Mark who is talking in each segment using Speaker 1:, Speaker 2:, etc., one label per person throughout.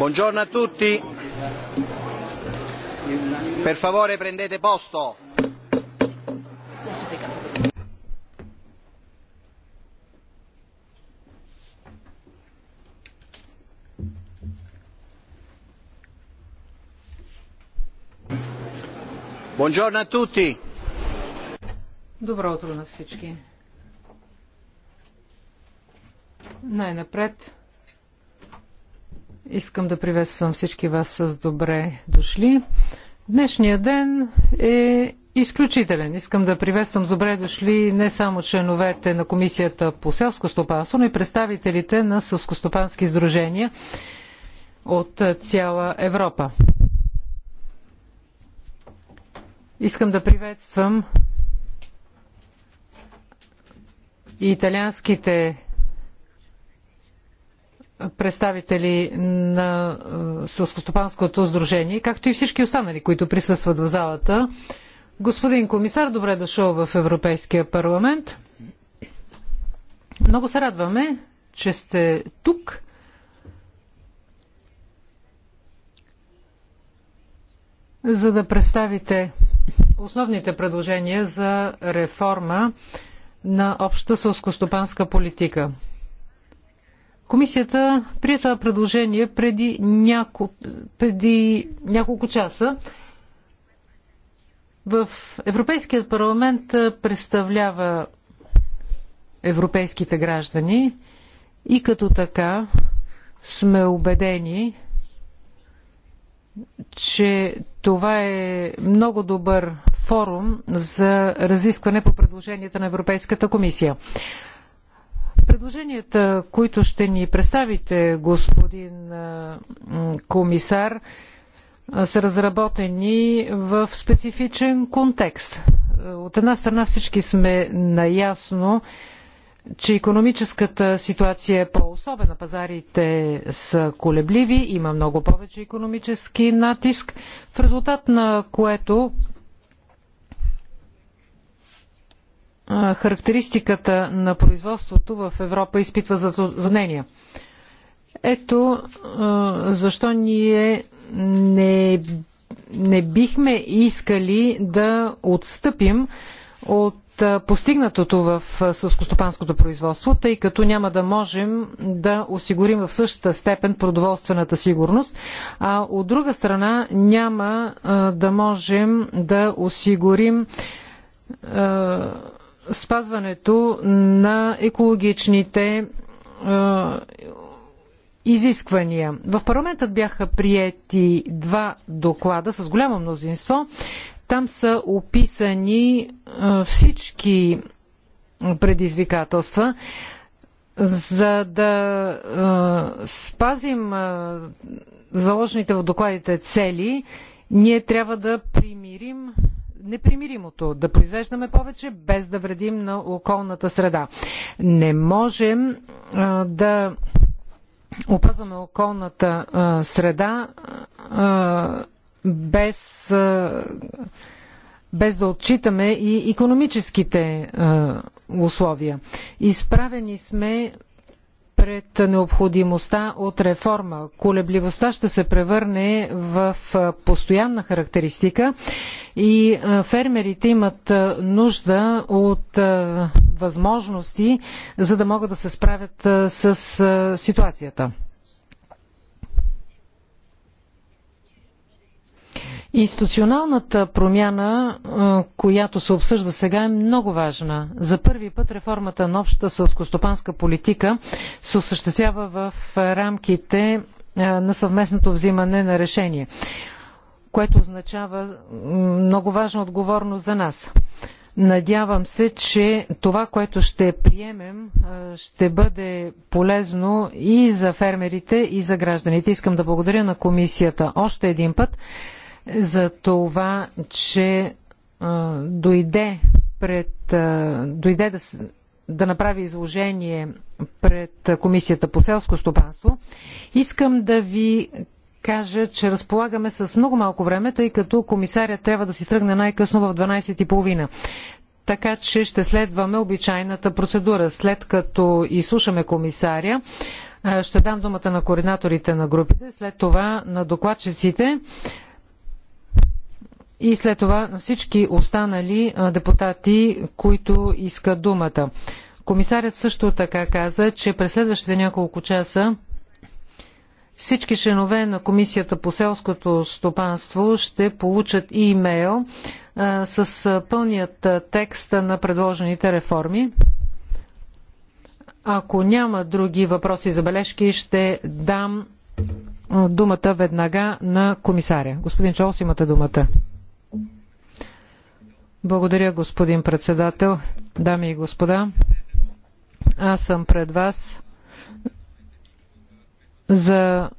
Speaker 1: Buongiorno a tutti.
Speaker 2: Per favore prendete posto.
Speaker 3: Buongiorno a tutti. Добро утро на всички. Най-напред Искам да приветствам всички вас с добре дошли. Днешният ден е изключителен. Искам да приветствам с добре дошли не само членовете на Комисията по селско стопанство, но и представителите на сълскостопански сдружения от цяла Европа. Искам да приветствам и италианските представители на е, Сълскостопанското сдружение, както и всички останали, които присъстват в залата. Господин комисар, добре дошъл в Европейския парламент. Много се радваме, че сте тук. за да представите основните предложения за реформа на обща сълскостопанска политика. Комисията прие това предложение преди, няко, преди няколко часа. В Европейският парламент представлява европейските граждани и като така сме убедени, че това е много добър форум за разискване по предложенията на Европейската комисия. Предложенията, които ще ни представите, господин комисар, са разработени в специфичен контекст. От една страна всички сме наясно, че економическата ситуация е по-особена. Пазарите са колебливи, има много повече економически натиск, в резултат на което характеристиката на производството в Европа изпитва затруднения. Ето защо ние не, не бихме искали да отстъпим от постигнатото в сълскостопанското производство, тъй като няма да можем да осигурим в същата степен продоволствената сигурност, а от друга страна няма да можем да осигурим спазването на екологичните изисквания. В парламентът бяха приети два доклада с голямо мнозинство. Там са описани всички предизвикателства. За да спазим заложените в докладите цели, ние трябва да примирим непримиримото да произвеждаме повече без да вредим на околната среда. Не можем а, да опазваме околната а, среда а, без, а, без да отчитаме и економическите а, условия. Изправени сме пред необходимостта от реформа. Колебливостта ще се превърне в постоянна характеристика и фермерите имат нужда от възможности, за да могат да се справят с ситуацията. Институционалната промяна, която се обсъжда сега, е много важна. За първи път реформата на общата сълскостопанска политика се осъществява в рамките на съвместното взимане на решение, което означава много важна отговорност за нас. Надявам се, че това, което ще приемем, ще бъде полезно и за фермерите, и за гражданите. Искам да благодаря на комисията още един път за това, че а, дойде пред а, дойде да, да направи изложение пред Комисията по селско стопанство. Искам да ви кажа, че разполагаме с много малко време, тъй като комисарят трябва да си тръгне най-късно в 12.30. Така че ще следваме обичайната процедура. След като изслушаме комисаря, ще дам думата на координаторите на групите, след това на докладчиците и след това на всички останали депутати, които искат думата. Комисарят също така каза, че през следващите няколко часа всички членове на Комисията по селското стопанство ще получат и имейл а, с пълният текст на предложените реформи. Ако няма други въпроси и забележки, ще дам думата веднага на комисаря. Господин Чолс, имате думата. Благодаря, господин председател. Дами и господа, аз съм пред вас за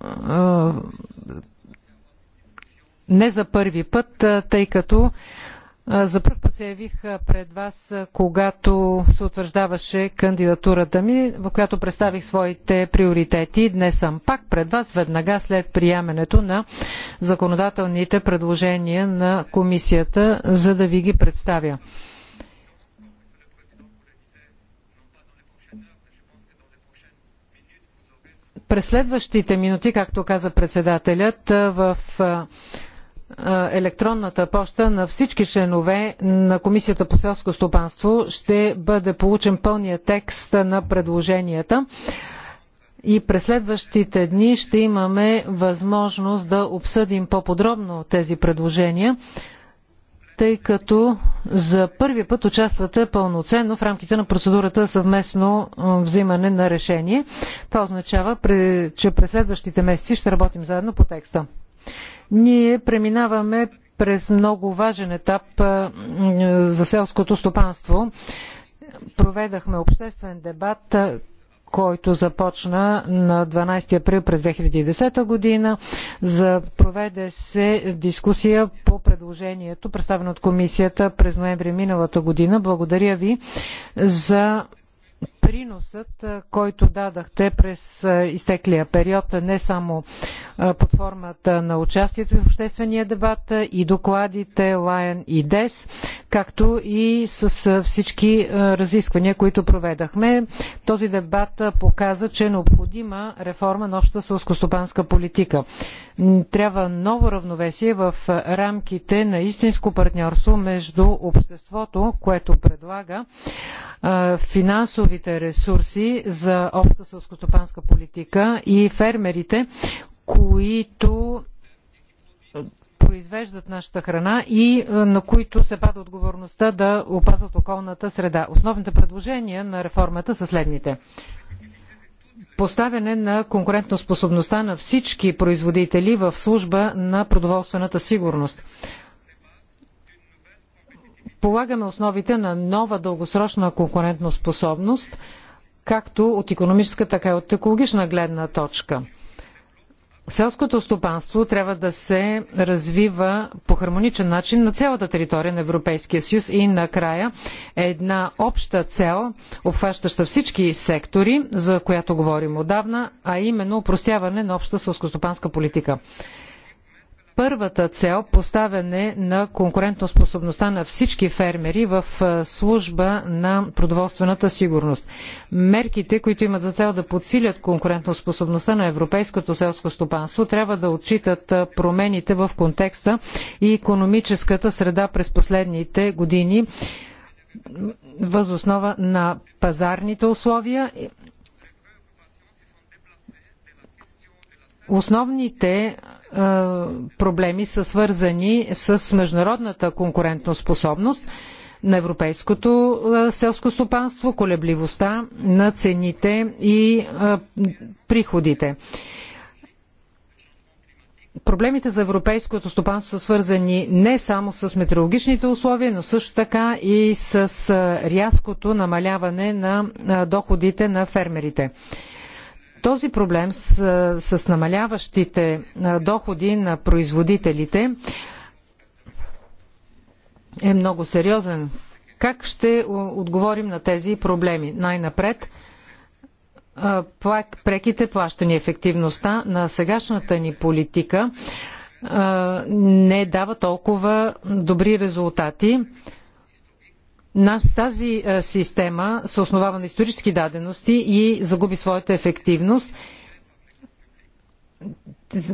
Speaker 3: не за първи път, тъй като за първ път се явих пред вас, когато се утвърждаваше кандидатурата ми, в която представих своите приоритети. Днес съм пак пред вас, веднага след приемането на законодателните предложения на комисията, за да ви ги представя. През следващите минути, както каза председателят, в електронната поща на всички членове на Комисията по селско стопанство ще бъде получен пълния текст на предложенията. И през следващите дни ще имаме възможност да обсъдим по-подробно тези предложения, тъй като за първи път участвате пълноценно в рамките на процедурата съвместно взимане на решение. Това означава, че през следващите месеци ще работим заедно по текста. Ние преминаваме през много важен етап за селското стопанство. Проведахме обществен дебат, който започна на 12 април през 2010 година. За проведе се дискусия по предложението, представено от комисията през ноември миналата година. Благодаря ви за приносът, който дадахте през изтеклия период, не само под формата на участието в обществения дебат и докладите Лайен и ДЕС, както и с всички разисквания, които проведахме. Този дебат показа, че е необходима реформа на общата сълскостопанска политика. Трябва ново равновесие в рамките на истинско партньорство между обществото, което предлага финансовите повече ресурси за обща селскостопанска политика и фермерите, които е, произвеждат нашата храна и е, на които се пада отговорността да опазват околната среда. Основните предложения на реформата са следните. Поставяне на конкурентоспособността на всички производители в служба на продоволствената сигурност полагаме основите на нова дългосрочна конкурентна способност, както от економическа, така и от екологична гледна точка. Селското стопанство трябва да се развива по хармоничен начин на цялата територия на Европейския съюз и накрая една обща цел, обхващаща всички сектори, за която говорим отдавна, а именно упростяване на обща селскостопанска политика първата цел поставяне на конкурентоспособността на всички фермери в служба на продоволствената сигурност. Мерките, които имат за цел да подсилят конкурентоспособността на европейското селско стопанство, трябва да отчитат промените в контекста и економическата среда през последните години възоснова на пазарните условия основните проблеми са свързани с международната конкурентоспособност на европейското селско стопанство, колебливостта на цените и приходите. Проблемите за европейското стопанство са свързани не само с метеорологичните условия, но също така и с рязкото намаляване на доходите на фермерите. Този проблем с, с намаляващите доходи на производителите е много сериозен. Как ще отговорим на тези проблеми? Най-напред преките плащания, ефективността на сегашната ни политика не дава толкова добри резултати. Наш, тази е, система се основава на исторически дадености и загуби своята ефективност.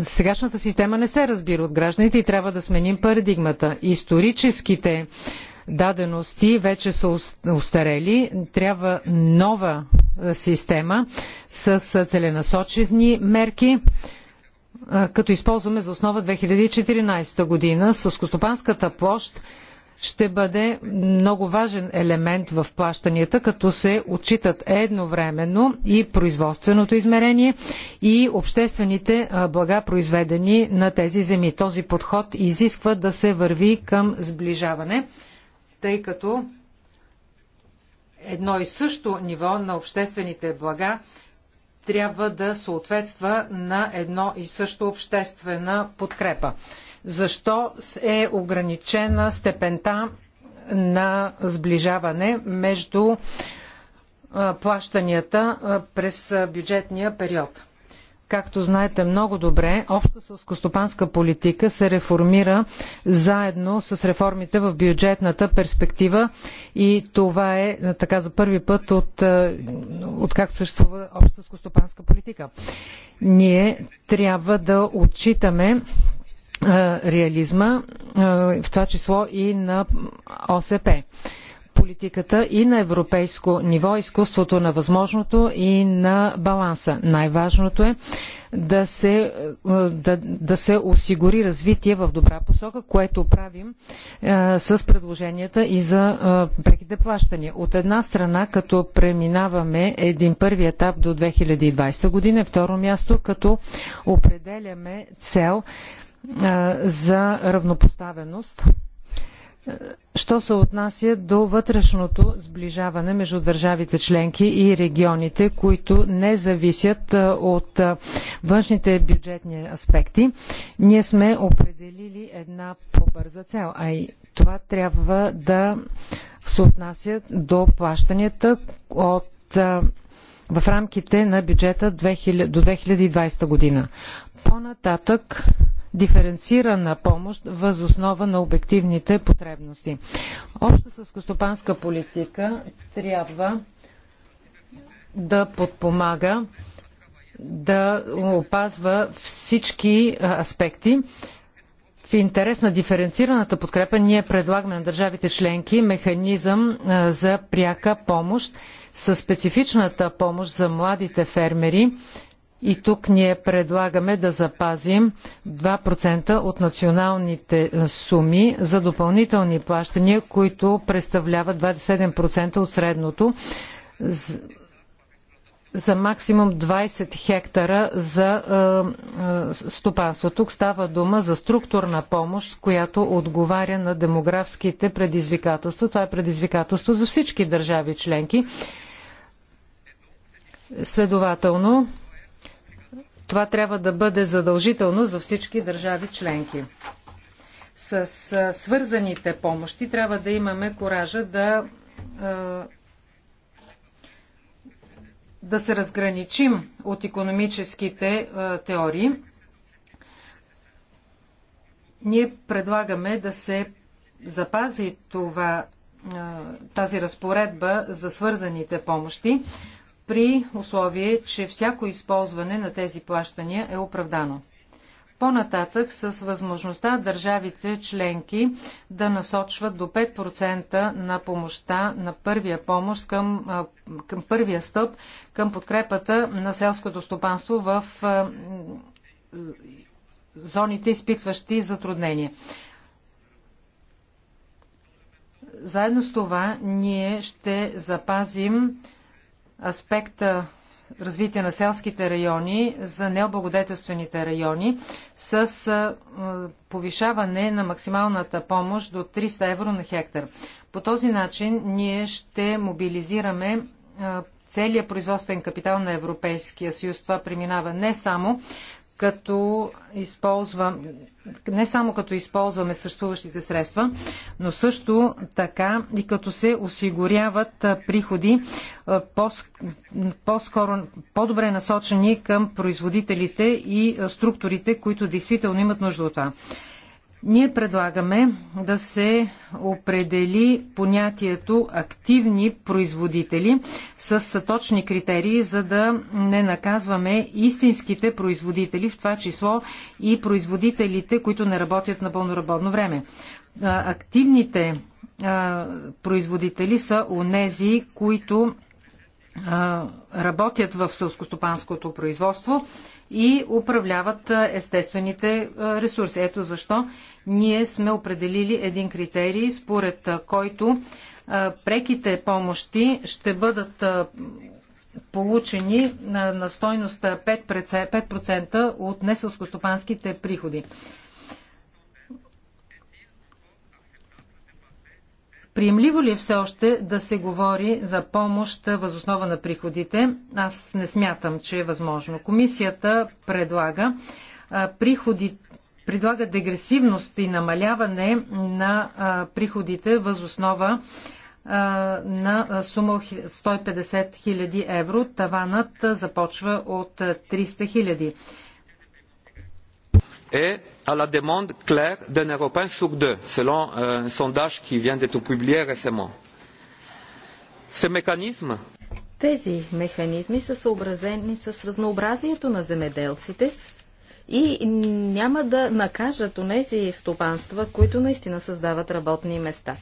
Speaker 3: Сегашната система не се разбира от гражданите и трябва да сменим парадигмата. Историческите дадености вече са устарели. Трябва нова е, система с е, целенасочени мерки като използваме за основа 2014 година. Сълскостопанската площ ще бъде много важен елемент в плащанията, като се отчитат едновременно и производственото измерение и обществените блага, произведени на тези земи. Този подход изисква да се върви към сближаване, тъй като едно и също ниво на обществените блага трябва да съответства на едно и също обществена подкрепа. Защо е ограничена степента на сближаване между плащанията през бюджетния период? Както знаете много добре, обща сълскостопанска политика се реформира заедно с реформите в бюджетната перспектива и това е така за първи път от, от как съществува обща сълскостопанска политика. Ние трябва да отчитаме реализма, в това число и на ОСП политиката и на европейско ниво, изкуството на възможното и на баланса. Най-важното е да се, да, да се осигури развитие в добра посока, което правим е, с предложенията и за е, преките плащания. От една страна, като преминаваме един първи етап до 2020 година, второ място, като определяме цел за равнопоставеност. Що се отнася до вътрешното сближаване между държавите членки и регионите, които не зависят от външните бюджетни аспекти, ние сме определили една по-бърза цел, а и това трябва да се отнася до плащанията от в рамките на бюджета 2000, до 2020 година. По-нататък диференцирана помощ въз основа на обективните потребности. Обща сълскостопанска политика трябва да подпомага, да опазва всички аспекти. В интерес на диференцираната подкрепа ние предлагаме на държавите членки механизъм за пряка помощ със специфичната помощ за младите фермери и тук ние предлагаме да запазим 2% от националните е, суми за допълнителни плащания, които представляват 27% от средното за максимум 20 хектара за е, е, стопанство. Тук става дума за структурна помощ, която отговаря на демографските предизвикателства. Това е предизвикателство за всички държави членки. Следователно, това трябва да бъде задължително за всички държави членки. С свързаните помощи трябва да имаме коража да, да се разграничим от економическите теории. Ние предлагаме да се запази това тази разпоредба за свързаните помощи, при условие, че всяко използване на тези плащания е оправдано. По-нататък с възможността държавите членки да насочват до 5% на помощта на първия помощ към, към първия стъп към подкрепата на селското стопанство в зоните, изпитващи затруднения. Заедно с това ние ще запазим аспекта развитие на селските райони, за необлагодетелствените райони, с повишаване на максималната помощ до 300 евро на хектар. По този начин ние ще мобилизираме целият производствен капитал на Европейския съюз. Това преминава не само като използвам, не само като използваме съществуващите средства, но също така и като се осигуряват приходи по-скоро, по-добре насочени към производителите и структурите, които действително имат нужда от това. Ние предлагаме да се определи понятието активни производители с точни критерии, за да не наказваме истинските производители, в това число и производителите, които не работят на пълноработно време. Активните производители са онези, които работят в сълскостопанското производство и управляват естествените ресурси. Ето защо ние сме определили един критерий, според който преките помощи ще бъдат получени на, на стойност 5%, 5% от неселскостопанските приходи. Приемливо ли е все още да се говори за помощ възоснова на приходите? Аз не смятам, че е възможно. Комисията предлага приходите предлага дегресивност и намаляване на приходите възоснова на сума 150 000 евро. Таванът започва от 300 000. Et à la demande claire d'un Européen sur deux, selon euh, un sondage qui vient d'être publié récemment. Ce mécanisme
Speaker 1: тези механизми са съобразени с разнообразието на земеделците и няма да накажат онези стопанства, които наистина създават работни места.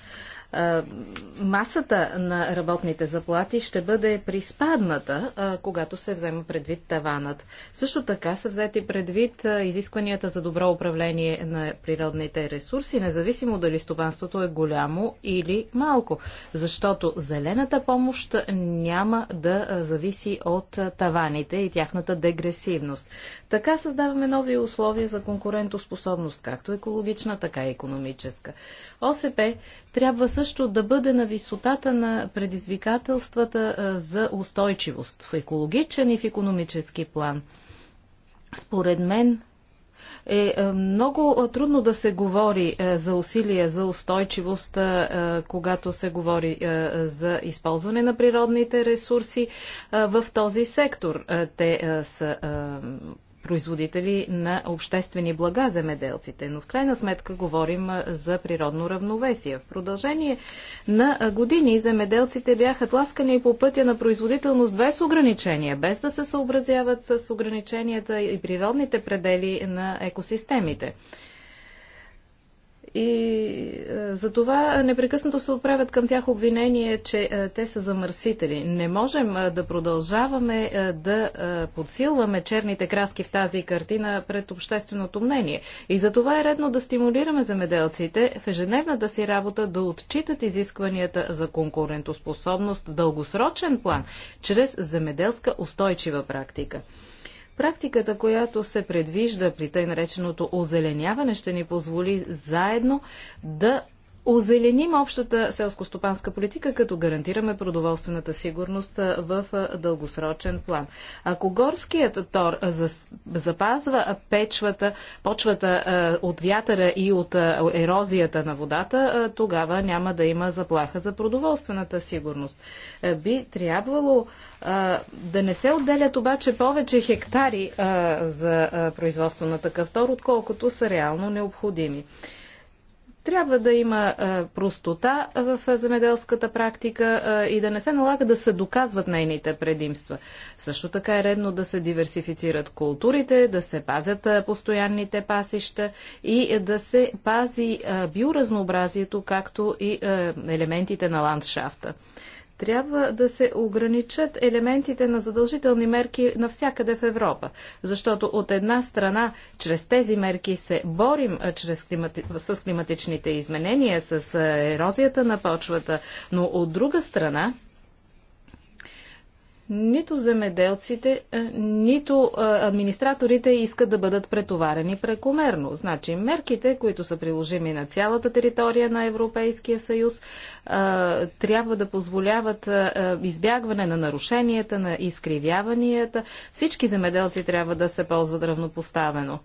Speaker 1: Масата на работните заплати ще бъде приспадната, когато се взема предвид таванът. Също така са взети предвид изискванията за добро управление на природните ресурси, независимо дали стопанството е голямо или малко, защото зелената помощ няма да зависи от таваните и тяхната дегресивност. Така създаваме нови условия за конкурентоспособност, както екологична, така и економическа. ОСП трябва също да бъде на висотата на предизвикателствата за устойчивост в екологичен и в економически план. Според мен е много трудно да се говори за усилия за устойчивост, когато се говори за използване на природните ресурси в този сектор. Те са производители на обществени блага земеделците. Но в крайна сметка говорим за природно равновесие. В продължение на години земеделците бяха тласкани по пътя на производителност без ограничения, без да се съобразяват с ограниченията и природните предели на екосистемите и е, за това непрекъснато се отправят към тях обвинение, че е, те са замърсители. Не можем е, да продължаваме да подсилваме черните краски в тази картина пред общественото мнение. И за това е редно да стимулираме земеделците в ежедневната си работа да отчитат изискванията за конкурентоспособност в дългосрочен план, чрез земеделска устойчива практика. Практиката, която се предвижда при тъй нареченото озеленяване, ще ни позволи заедно да озеленим общата селско-стопанска политика, като гарантираме продоволствената сигурност в дългосрочен план. Ако горският тор запазва печвата, почвата от вятъра и от ерозията на водата, тогава няма да има заплаха за продоволствената сигурност. Би трябвало да не се отделят обаче повече хектари за производство на такъв тор, отколкото са реално необходими. Трябва да има простота в земеделската практика и да не се налага да се доказват нейните предимства. Също така е редно да се диверсифицират културите, да се пазят постоянните пасища и да се пази биоразнообразието, както и елементите на ландшафта. Трябва да се ограничат елементите на задължителни мерки навсякъде в Европа, защото от една страна, чрез тези мерки се борим чрез климати... с климатичните изменения, с ерозията на почвата, но от друга страна, нито земеделците, нито администраторите искат да бъдат претоварени прекомерно. Значи мерките, които са приложими на цялата територия на Европейския съюз, трябва да позволяват избягване на нарушенията, на изкривяванията. Всички земеделци трябва да се ползват равнопоставено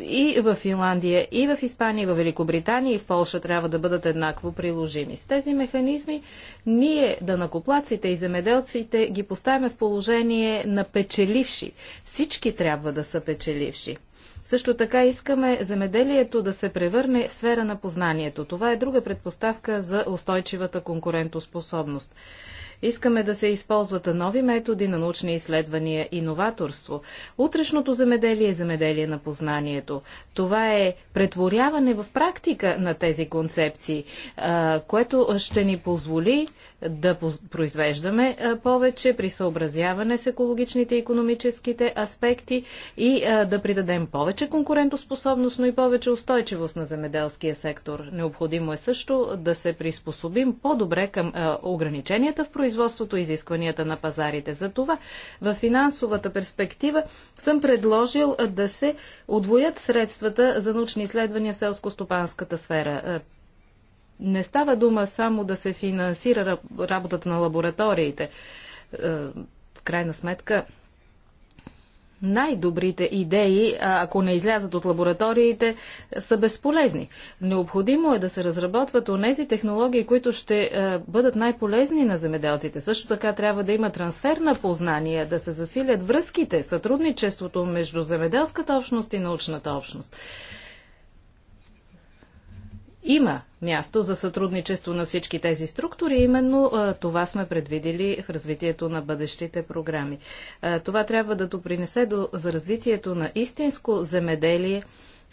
Speaker 1: и в Финландия, и в Испания, и в Великобритания, и в Полша трябва да бъдат еднакво приложими. С тези механизми ние, данакоплаците и земеделците, ги поставяме в положение на печеливши. Всички трябва да са печеливши. Също така искаме земеделието да се превърне в сфера на познанието. Това е друга предпоставка за устойчивата конкурентоспособност. Искаме да се използват нови методи на научни изследвания и новаторство. Утрешното земеделие е земеделие на познанието. Това е претворяване в практика на тези концепции, което ще ни позволи да произвеждаме повече при съобразяване с екологичните и економическите аспекти и да придадем повече конкурентоспособност, но и повече устойчивост на земеделския сектор. Необходимо е също да се приспособим по-добре към ограниченията в производството и изискванията на пазарите. За това в финансовата перспектива съм предложил да се отвоят средствата за научни изследвания в селско-стопанската сфера не става дума само да се финансира работата на лабораториите. Е, в крайна сметка, най-добрите идеи, ако не излязат от лабораториите, са безполезни. Необходимо е да се разработват онези технологии, които ще е, бъдат най-полезни на земеделците. Също така трябва да има трансфер на познания, да се засилят връзките, сътрудничеството между земеделската общност и научната общност. Има място за сътрудничество на всички тези структури. Именно това сме предвидели в развитието на бъдещите програми. Това трябва да допринесе до, за развитието на истинско земеделие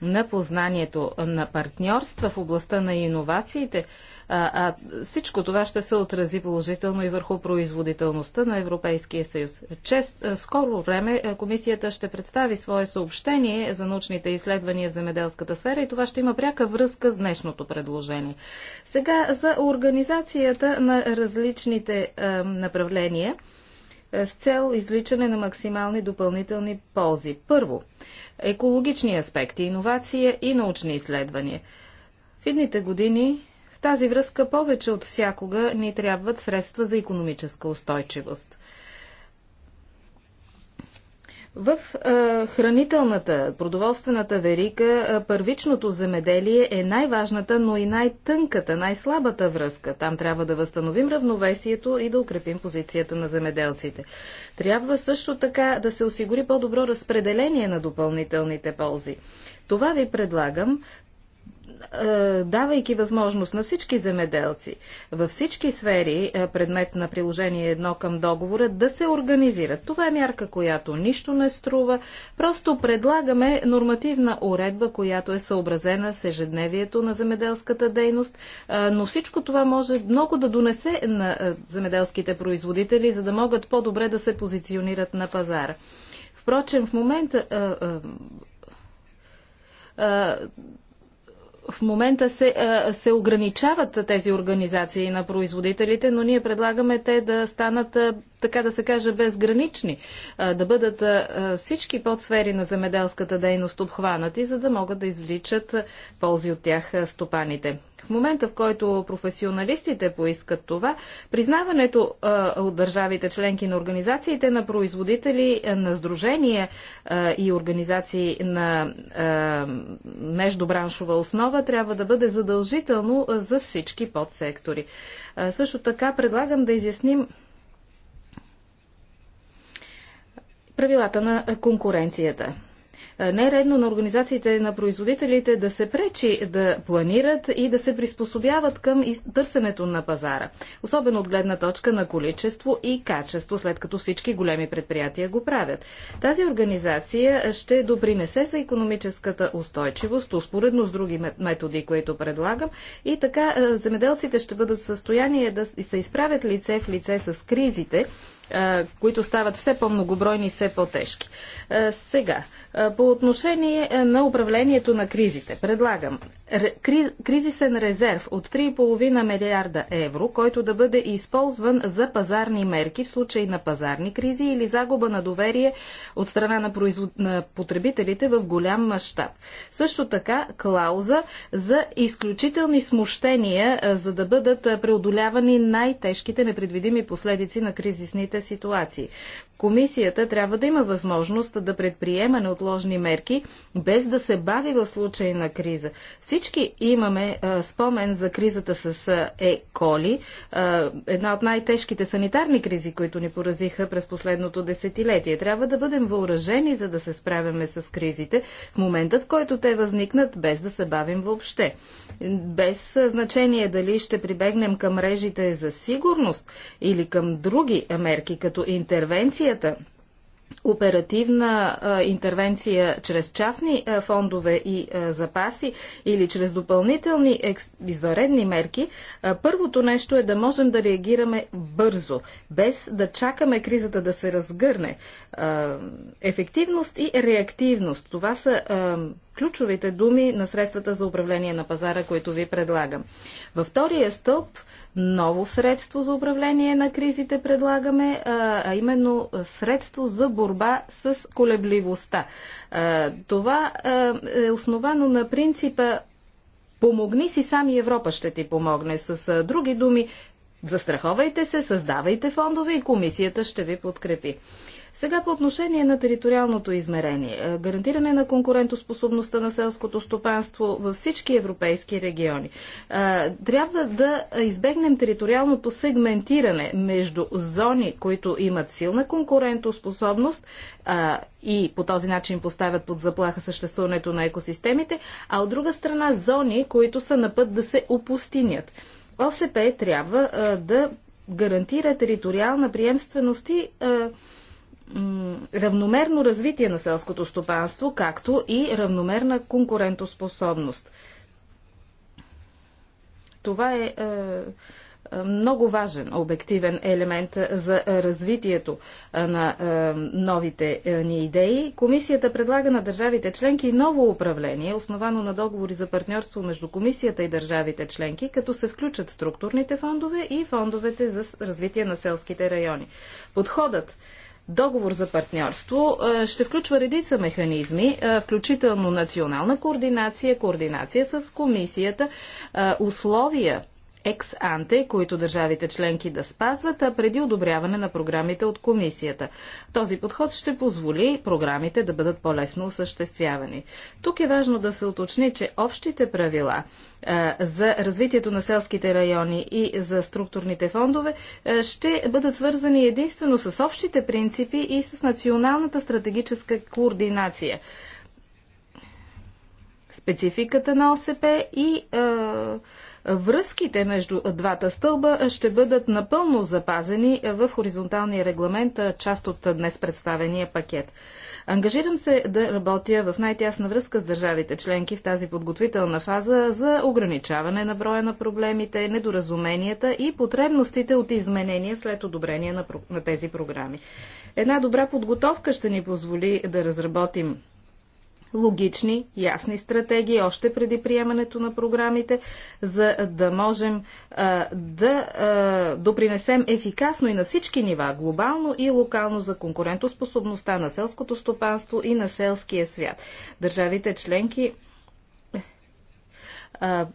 Speaker 1: на познанието, на партньорства в областта на иновациите, а, а всичко това ще се отрази положително и върху производителността на Европейския съюз. Чест, скоро време комисията ще представи свое съобщение за научните изследвания в земеделската сфера и това ще има пряка връзка с днешното предложение. Сега за организацията на различните е, направления. Е, с цел изличане на максимални допълнителни ползи. Първо, екологични аспекти, иновация и научни изследвания. В едните години в тази връзка повече от всякога ни трябват средства за економическа устойчивост. В е, хранителната, продоволствената верика е, първичното земеделие е най-важната, но и най-тънката, най-слабата връзка. Там трябва да възстановим равновесието и да укрепим позицията на земеделците. Трябва също така да се осигури по-добро разпределение на допълнителните ползи. Това ви предлагам е, давайки възможност на всички земеделци във всички сфери, е, предмет на приложение едно към договора, да се организират. Това е мярка, която нищо не струва. Просто предлагаме нормативна уредба, която е съобразена с ежедневието на земеделската дейност, е, но всичко това може много да донесе на земеделските производители, за да могат по-добре да се позиционират на пазара. Впрочем, в момента в момента се, се ограничават тези организации на производителите, но ние предлагаме те да станат така да се каже, безгранични, да бъдат всички подсфери на земеделската дейност обхванати, за да могат да извличат ползи от тях стопаните. В момента, в който професионалистите поискат това, признаването от държавите членки на организациите на производители, на сдружения и организации на междубраншова основа трябва да бъде задължително за всички подсектори. също така предлагам да изясним правилата на конкуренцията. Е, не е редно на организациите на производителите да се пречи да планират и да се приспособяват към търсенето на пазара, особено от гледна точка на количество и качество, след като всички големи предприятия го правят. Тази организация ще допринесе за економическата устойчивост, успоредно с други методи, които предлагам, и така е, земеделците ще бъдат в състояние да се изправят лице в лице с кризите които стават все по-многобройни и все по-тежки. Сега, по отношение е, на управлението на кризите, предлагам кризисен резерв от 3,5 милиарда евро, който да бъде използван за пазарни мерки в случай на пазарни кризи или загуба на доверие от страна на, производ... на потребителите в голям мащаб. Също така клауза за изключителни смущения, е, за да бъдат е, преодолявани най-тежките непредвидими последици на кризисните ситуации. Комисията трябва да има възможност да предприема неотложни неотложни мерки, без да се бави в случай на криза. Всички имаме а, спомен за кризата с Е-коли, една от най-тежките санитарни кризи, които ни поразиха през последното десетилетие. Трябва да бъдем въоръжени, за да се справяме с кризите в момента, в който те възникнат, без да се бавим въобще. Без значение дали ще прибегнем към мрежите за сигурност или към други мерки, като интервенцията оперативна а, интервенция чрез частни а, фондове и а, запаси или чрез допълнителни екс... мерки, първото нещо е да можем да реагираме бързо, без да чакаме кризата да се разгърне. ефективност и реактивност това са ключовите думи на средствата за управление на пазара, които ви предлагам. Във втория стълб ново средство за управление на кризите предлагаме, а именно средство за борба с колебливостта. Това е основано на принципа Помогни си сам и Европа ще ти помогне. С други думи, застраховайте се, създавайте фондове и комисията ще ви подкрепи. Сега по отношение на териториалното измерение, е, гарантиране на конкурентоспособността на селското стопанство във всички европейски региони. Е, трябва да избегнем териториалното сегментиране между зони, които имат силна конкурентоспособност и по този начин поставят под заплаха съществуването на екосистемите, а от друга страна зони, които са на път да се опустинят. ОСП трябва да гарантира териториална приемственост и равномерно развитие на селското стопанство, както и равномерна конкурентоспособност. Това е, е, е много важен обективен елемент за развитието е, на новите ни идеи. Комисията предлага на държавите членки ново управление, основано на договори за партньорство между комисията и държавите членки, като се включат структурните фондове и фондовете за развитие на селските райони. Подходът Договор за партньорство ще включва редица механизми, включително национална координация, координация с комисията, условия екс-анте, които държавите членки да спазват, а преди одобряване на програмите от комисията. Този подход ще позволи програмите да бъдат по-лесно осъществявани. Тук е важно да се уточни, че общите правила за развитието на селските райони и за структурните фондове ще бъдат свързани единствено с общите принципи и с националната стратегическа координация спецификата на ОСП и е, връзките между двата стълба ще бъдат напълно запазени в хоризонталния регламент, част от днес представения пакет. Ангажирам се да работя в най-тясна връзка с държавите членки в тази подготвителна фаза за ограничаване на броя на проблемите, недоразуменията и потребностите от изменения след одобрение на, на тези програми. Една добра подготовка ще ни позволи да разработим логични, ясни стратегии още преди приемането на програмите, за да можем а, да а, допринесем ефикасно и на всички нива, глобално и локално, за конкурентоспособността на селското стопанство и на селския свят. Държавите членки а,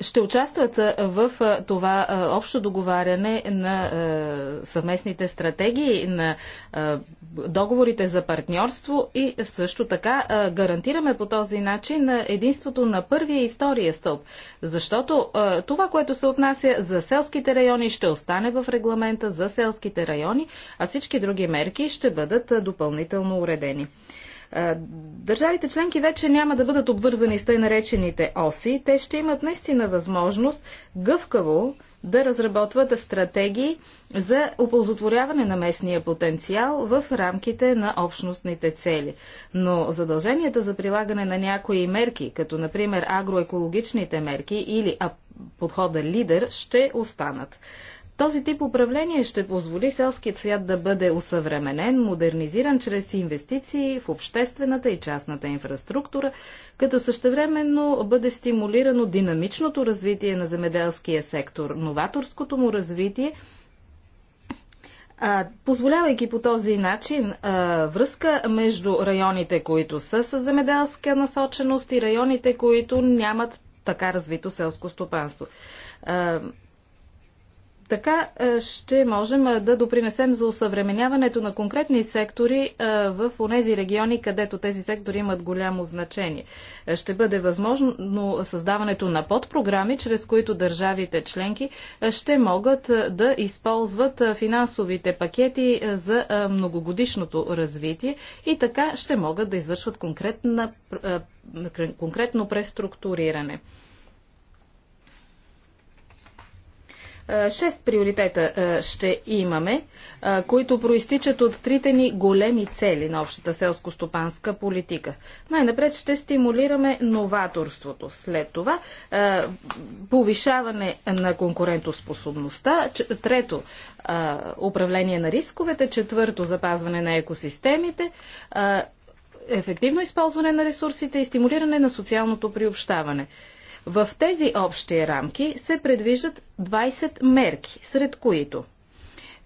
Speaker 1: ще участват в това общо договаряне на съвместните стратегии, на договорите за партньорство и също така гарантираме по този начин единството на първия и втория стълб. Защото това, което се отнася за селските райони, ще остане в регламента за селските райони, а всички други мерки ще бъдат допълнително уредени. Е, държавите членки вече няма да бъдат обвързани с тъй наречените оси. Те ще имат наистина възможност гъвкаво да разработват стратегии за оползотворяване на местния потенциал в рамките на общностните цели. Но задълженията за прилагане на някои мерки, като например агроекологичните мерки или подхода лидер, ще останат. Този тип управление ще позволи селският свят да бъде усъвременен, модернизиран чрез инвестиции в обществената и частната инфраструктура, като същевременно бъде стимулирано динамичното развитие на земеделския сектор, новаторското му развитие, позволявайки по този начин връзка между районите, които са с земеделска насоченост и районите, които нямат така развито селско стопанство. Така е, ще можем е, да допринесем за усъвременяването на конкретни сектори е, в тези региони, където тези сектори имат голямо значение. Ще бъде възможно създаването на подпрограми, чрез които държавите членки ще могат да използват финансовите пакети за многогодишното развитие и така ще могат да извършват конкретна, конкретно преструктуриране. Е, шест приоритета е, ще имаме, е, които проистичат от трите ни големи цели на общата селско-стопанска политика. Най-напред ще стимулираме новаторството. След това повишаване на конкурентоспособността. Трето, управление на рисковете. Четвърто, запазване на екосистемите ефективно използване на ресурсите и стимулиране на социалното приобщаване. В тези общи рамки се предвиждат 20 мерки, сред които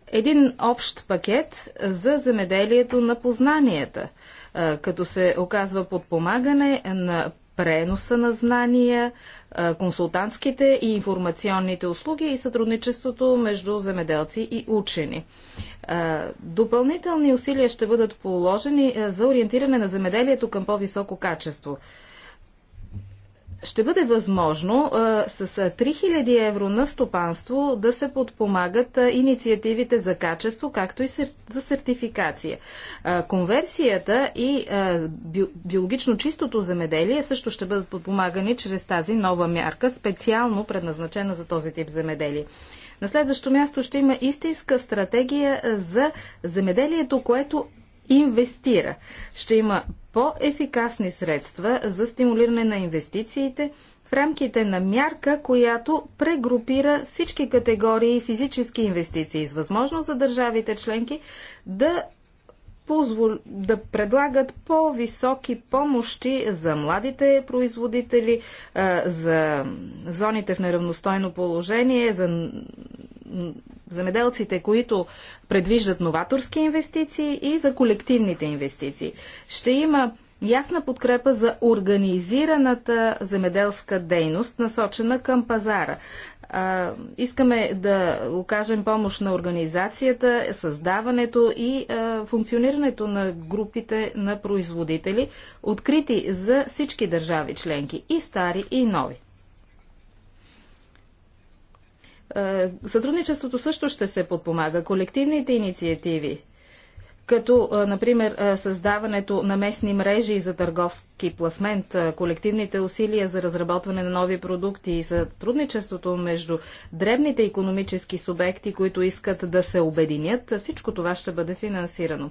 Speaker 1: един общ пакет за земеделието на познанията, като се оказва подпомагане на преноса на знания, консултантските и информационните услуги и сътрудничеството между земеделци и учени. Допълнителни усилия ще бъдат положени за ориентиране на земеделието към по-високо качество ще бъде възможно с 3000 евро на стопанство да се подпомагат инициативите за качество, както и за сертификация. Конверсията и биологично чистото земеделие също ще бъдат подпомагани чрез тази нова мярка, специално предназначена за този тип земеделие. На следващо място ще има истинска стратегия за земеделието, което инвестира. Ще има по-ефикасни средства за стимулиране на инвестициите в рамките на мярка, която прегрупира всички категории физически инвестиции с възможност за държавите членки да да предлагат по-високи помощи за младите производители, за зоните в неравностойно положение, за земеделците, които предвиждат новаторски инвестиции и за колективните инвестиции. Ще има ясна подкрепа за организираната земеделска дейност, насочена към пазара. А, искаме да окажем помощ на организацията, създаването и а, функционирането на групите на производители, открити за всички държави членки, и стари, и нови. Е, сътрудничеството също ще се подпомага. Колективните инициативи, като, е, например, е, създаването на местни мрежи за търговски пласмент, колективните усилия за разработване на нови продукти и сътрудничеството между дребните економически субекти, които искат да се обединят, всичко това ще бъде финансирано.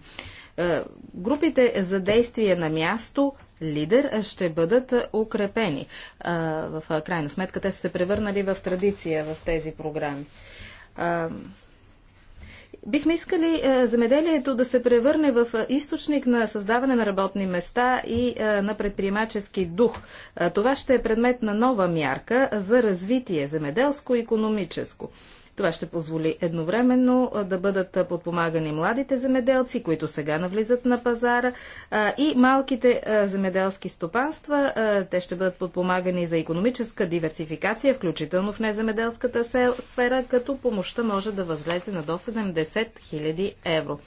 Speaker 1: Е, групите за действие на място лидер ще бъдат укрепени. Е, в крайна сметка те са се превърнали в традиция в тези програми. Е, бихме искали замеделието да се превърне в източник на създаване на работни места и на предприемачески дух. Това ще е предмет на нова мярка за развитие замеделско и економическо. Това ще позволи едновременно да бъдат подпомагани младите земеделци, които сега навлизат на пазара и малките земеделски стопанства. Те ще бъдат подпомагани за економическа диверсификация, включително в неземеделската сфера, като помощта може да възлезе на до 70 000 евро.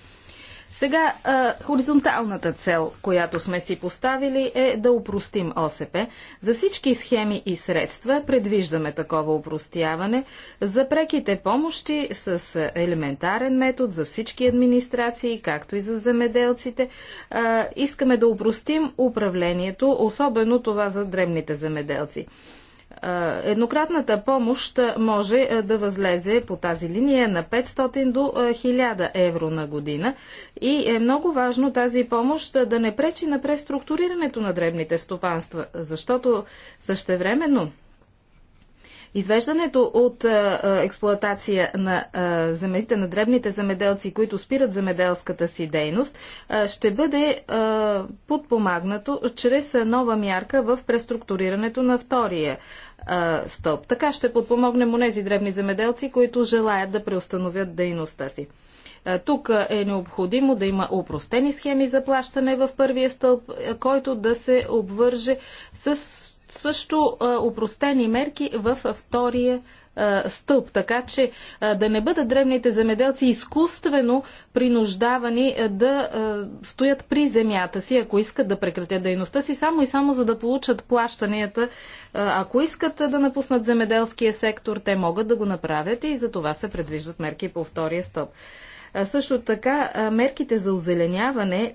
Speaker 1: Сега а, хоризонталната цел, която сме си поставили е да упростим ОСП. За всички схеми и средства предвиждаме такова упростяване. За преките помощи с елементарен метод за всички администрации, както и за земеделците. А, искаме да упростим управлението, особено това за древните земеделци. Еднократната помощ може да възлезе по тази линия на 500 до 1000 евро на година и е много важно тази помощ да не пречи на преструктурирането на дребните стопанства, защото същевременно Извеждането от експлоатация на земите на дребните земеделци, които спират земеделската си дейност, ще бъде подпомагнато чрез нова мярка в преструктурирането на втория стълб. Така ще подпомогнем онези дребни земеделци, които желаят да преустановят дейността си. Тук е необходимо да има упростени схеми за плащане в първия стълб, който да се обвърже с също упростени мерки във втория стълб, така че да не бъдат древните земеделци изкуствено принуждавани да стоят при земята си, ако искат да прекратят дейността си, само и само за да получат плащанията. Ако искат да напуснат земеделския сектор, те могат да го направят и за това се предвиждат мерки по втория стълб. Също така, мерките за озеленяване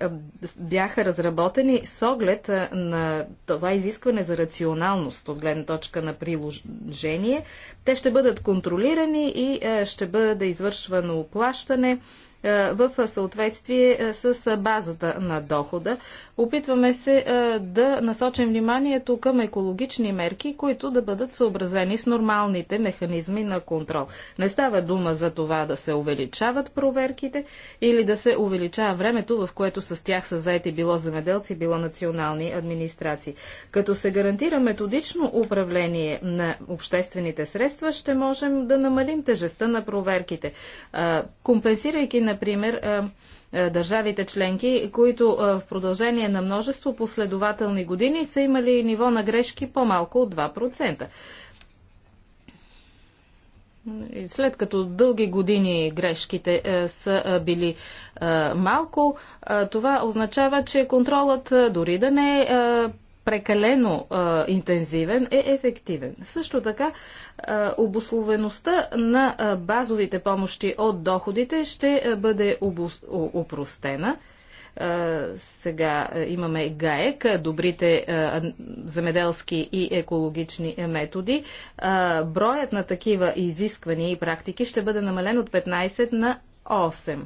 Speaker 1: бяха разработени с оглед на това изискване за рационалност от гледна точка на приложение. Те ще бъдат контролирани и ще бъде извършвано плащане е, в съответствие е, с е, базата на дохода. Опитваме се да насочим вниманието към екологични мерки, които да бъдат съобразени с нормалните механизми на контрол. Не става дума за това да се увеличават проверките или да се увеличава времето, в което с тях са заети било замеделци, било национални администрации. Като се гарантира методично управление на обществените средства, ще можем да намалим тежестта на проверките, компенсирайки например, държавите членки, които в продължение на множество последователни години са имали ниво на грешки по-малко от 2%. След като дълги години грешките са били малко, това означава, че контролът дори да не е прекалено а, интензивен, е ефективен. Също така, а, обословеността на а, базовите помощи от доходите ще а, бъде обос... упростена. А, сега а, имаме ГАЕК, добрите а, замеделски и екологични методи. А, броят на такива изисквания и практики ще бъде намален от 15 на 8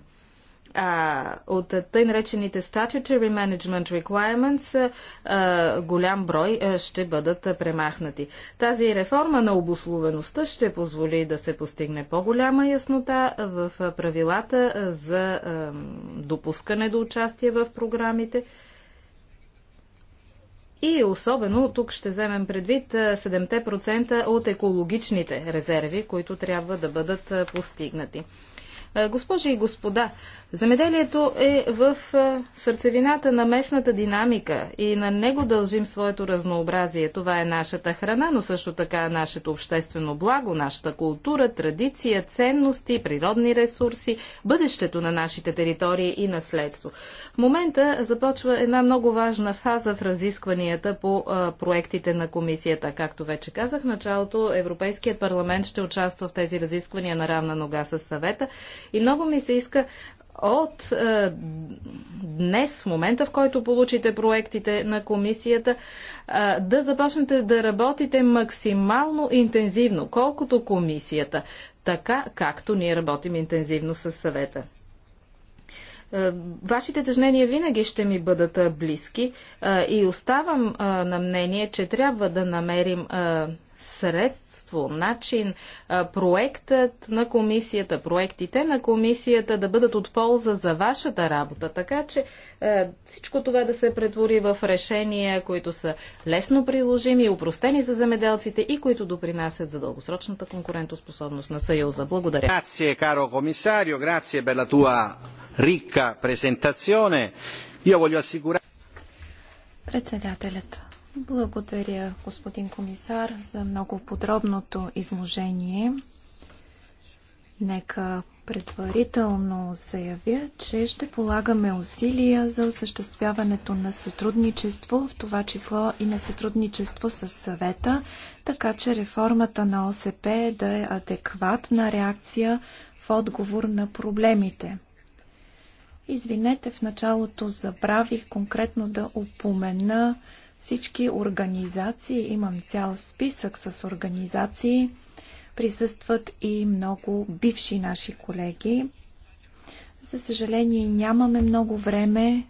Speaker 1: а, от тъй наречените Statutory Management Requirements а, голям брой а, ще бъдат премахнати. Тази реформа на обословеността ще позволи да се постигне по-голяма яснота в правилата за а, допускане до участие в програмите. И особено тук ще вземем предвид 7% от екологичните резерви, които трябва да бъдат постигнати. Госпожи и господа, Земеделието е в сърцевината на местната динамика и на него дължим своето разнообразие. Това е нашата храна, но също така нашето обществено благо, нашата култура, традиция, ценности, природни ресурси, бъдещето на нашите територии и наследство. В момента започва една много важна фаза в разискванията по проектите на комисията. Както вече казах, началото Европейският парламент ще участва в тези разисквания на равна нога с съвета и много ми се иска от е, днес, в момента в който получите проектите на комисията, е, да започнете да работите максимално интензивно, колкото комисията, така както ние работим интензивно с съвета. Е, вашите тъжнения винаги ще ми бъдат е, близки е, и оставам на мнение, че трябва да намерим средства, качество, начин, проектът на комисията, проектите на комисията да бъдат от полза за вашата работа. Така че всичко това да се претвори в решения, които са лесно приложими, упростени за земеделците и които допринасят за дългосрочната конкурентоспособност на Съюза. Благодаря. Грация, каро комисарио, грация per туа рика ricca Я волю асигура...
Speaker 2: Председателят. Благодаря, господин комисар, за много подробното изложение. Нека предварително заявя, че ще полагаме усилия за осъществяването на сътрудничество, в това число и на сътрудничество с съвета, така че реформата на ОСП да е адекватна реакция в отговор на проблемите. Извинете, в началото забравих конкретно да упомена всички организации, имам цял списък с организации, присъстват и много бивши наши колеги. За съжаление нямаме много време.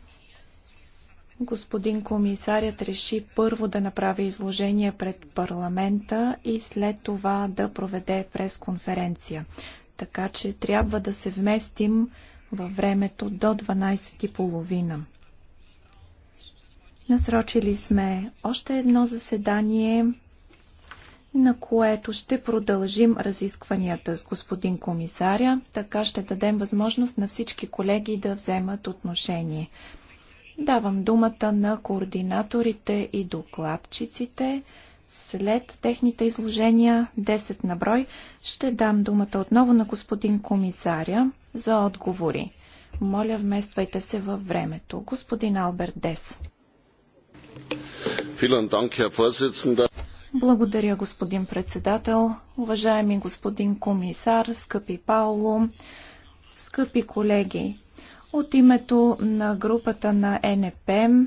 Speaker 2: Господин комисарят реши първо да направи изложение пред парламента и след това да проведе пресконференция. Така че трябва да се вместим във времето до 12.30. Насрочили сме още едно заседание, на което ще продължим разискванията с господин комисаря. Така ще дадем възможност на всички колеги да вземат отношение. Давам думата на координаторите и докладчиците. След техните изложения, 10 на брой, ще дам думата отново на господин комисаря за отговори. Моля, вмествайте се във времето. Господин Алберт Дес. Благодаря, господин председател. Уважаеми господин комисар, скъпи Пауло, скъпи колеги, от името на групата на НПМ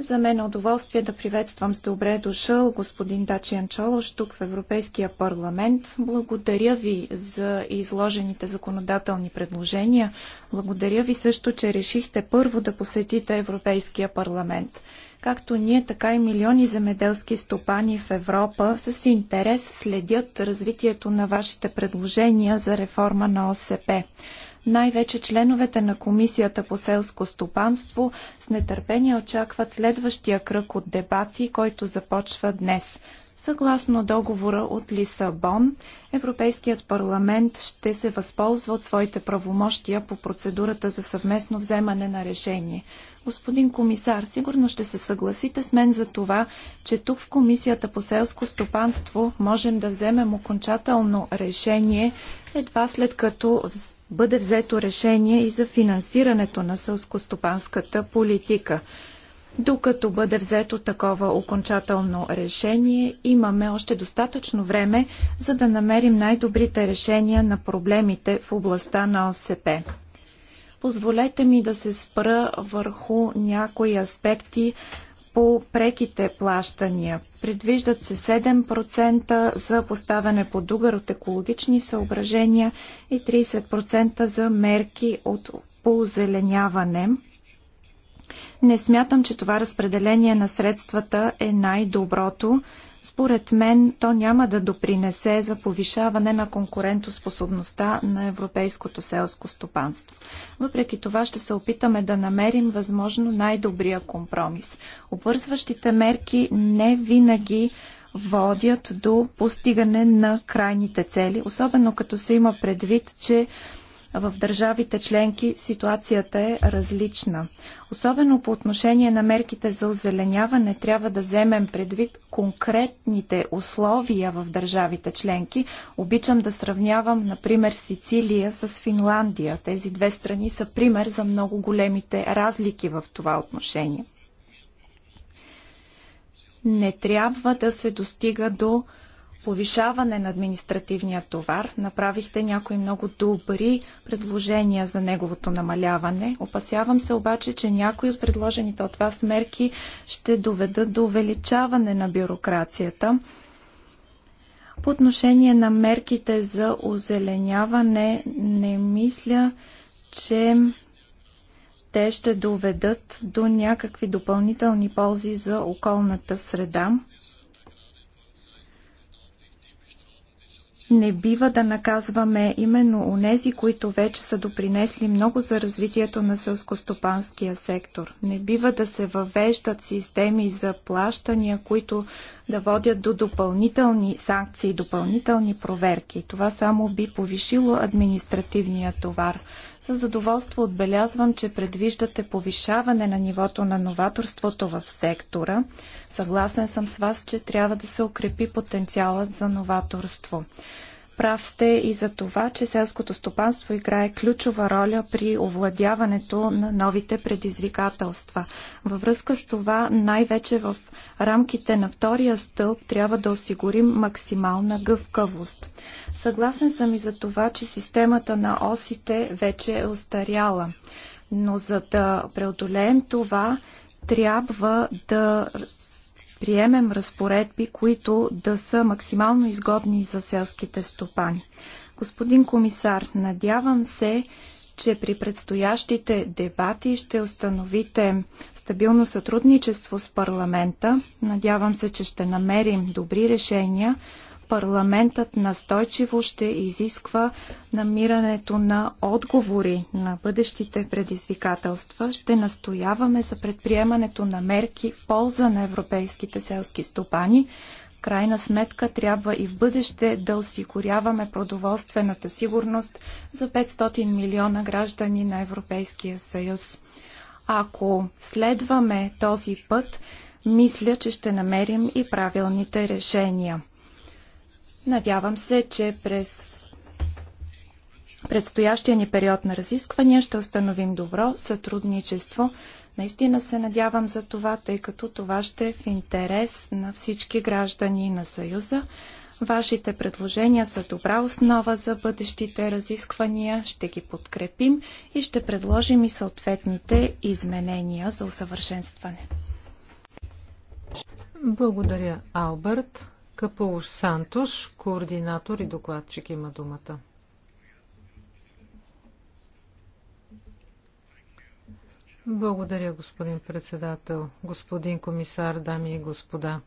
Speaker 2: за мен е удоволствие да приветствам с добре дошъл господин Дачиан Чолош тук в Европейския парламент. Благодаря ви за изложените законодателни предложения. Благодаря ви също, че решихте първо да посетите Европейския парламент. Както ние, така и милиони земеделски стопани в Европа с интерес следят развитието на вашите предложения за реформа на ОСП. Най-вече членовете на Комисията по селско стопанство с нетърпение очакват следващия кръг от дебати, който започва днес. Съгласно договора от Лисабон, Европейският парламент ще се възползва от своите правомощия по процедурата за съвместно вземане на решение. Господин комисар, сигурно ще се съгласите с мен за това, че тук в Комисията по селско стопанство можем да вземем окончателно решение едва след като бъде взето решение и за финансирането на сълскостопанската политика. Докато бъде взето такова окончателно решение, имаме още достатъчно време, за да намерим най-добрите решения на проблемите в областта на ОСП. Позволете ми да се спра върху някои аспекти по преките плащания. Предвиждат се 7% за поставяне под дугар от екологични съображения и 30% за мерки от позеленяване. Не смятам, че това разпределение на средствата е най-доброто. Според мен то няма да допринесе за повишаване на конкурентоспособността на европейското селско стопанство. Въпреки това ще се опитаме да намерим възможно най-добрия компромис. Обвързващите мерки не винаги водят до постигане на крайните цели, особено като се има предвид, че в държавите членки ситуацията е различна. Особено по отношение на мерките за озеленяване трябва да вземем предвид конкретните условия в държавите членки. Обичам да сравнявам, например, Сицилия с Финландия. Тези две страни са пример за много големите разлики в това отношение. Не трябва да се достига до повишаване на административния товар. Направихте някои много добри предложения за неговото намаляване. Опасявам се обаче, че някои от предложените от вас мерки ще доведат до увеличаване на бюрокрацията. По отношение на мерките за озеленяване, не мисля, че те ще доведат до някакви допълнителни ползи за околната среда. Не бива да наказваме именно унези, които вече са допринесли много за развитието на селскостопанския сектор. Не бива да се въвеждат системи за плащания, които да водят до допълнителни санкции, допълнителни проверки. Това само би повишило административния товар. С задоволство отбелязвам, че предвиждате повишаване на нивото на новаторството в сектора – Съгласен съм с вас, че трябва да се укрепи потенциалът за новаторство. Прав сте и за това, че селското стопанство играе ключова роля при овладяването на новите предизвикателства. Във връзка с това, най-вече в рамките на втория стълб трябва да осигурим максимална гъвкавост. Съгласен съм и за това, че системата на осите вече е устаряла. Но за да преодолеем това, трябва да приемем разпоредби, които да са максимално изгодни за селските стопани. Господин комисар, надявам се, че при предстоящите дебати ще установите стабилно сътрудничество с парламента. Надявам се, че ще намерим добри решения, парламентът настойчиво ще изисква намирането на отговори на бъдещите предизвикателства. Ще настояваме за предприемането на мерки в полза на европейските селски стопани. Крайна сметка трябва и в бъдеще да осигуряваме продоволствената сигурност за 500 милиона граждани на Европейския съюз. Ако следваме този път, мисля, че ще намерим и правилните решения. Надявам се, че през предстоящия ни период на разисквания ще установим добро сътрудничество. Наистина се надявам за това, тъй като това ще е в интерес на всички граждани на Съюза. Вашите предложения са добра основа за бъдещите разисквания. Ще ги подкрепим и ще предложим и съответните изменения за усъвършенстване. Благодаря,
Speaker 3: Алберт. Капул Сантуш, координатор и докладчик има думата. Благодаря, господин председател, господин комисар, дами и господа.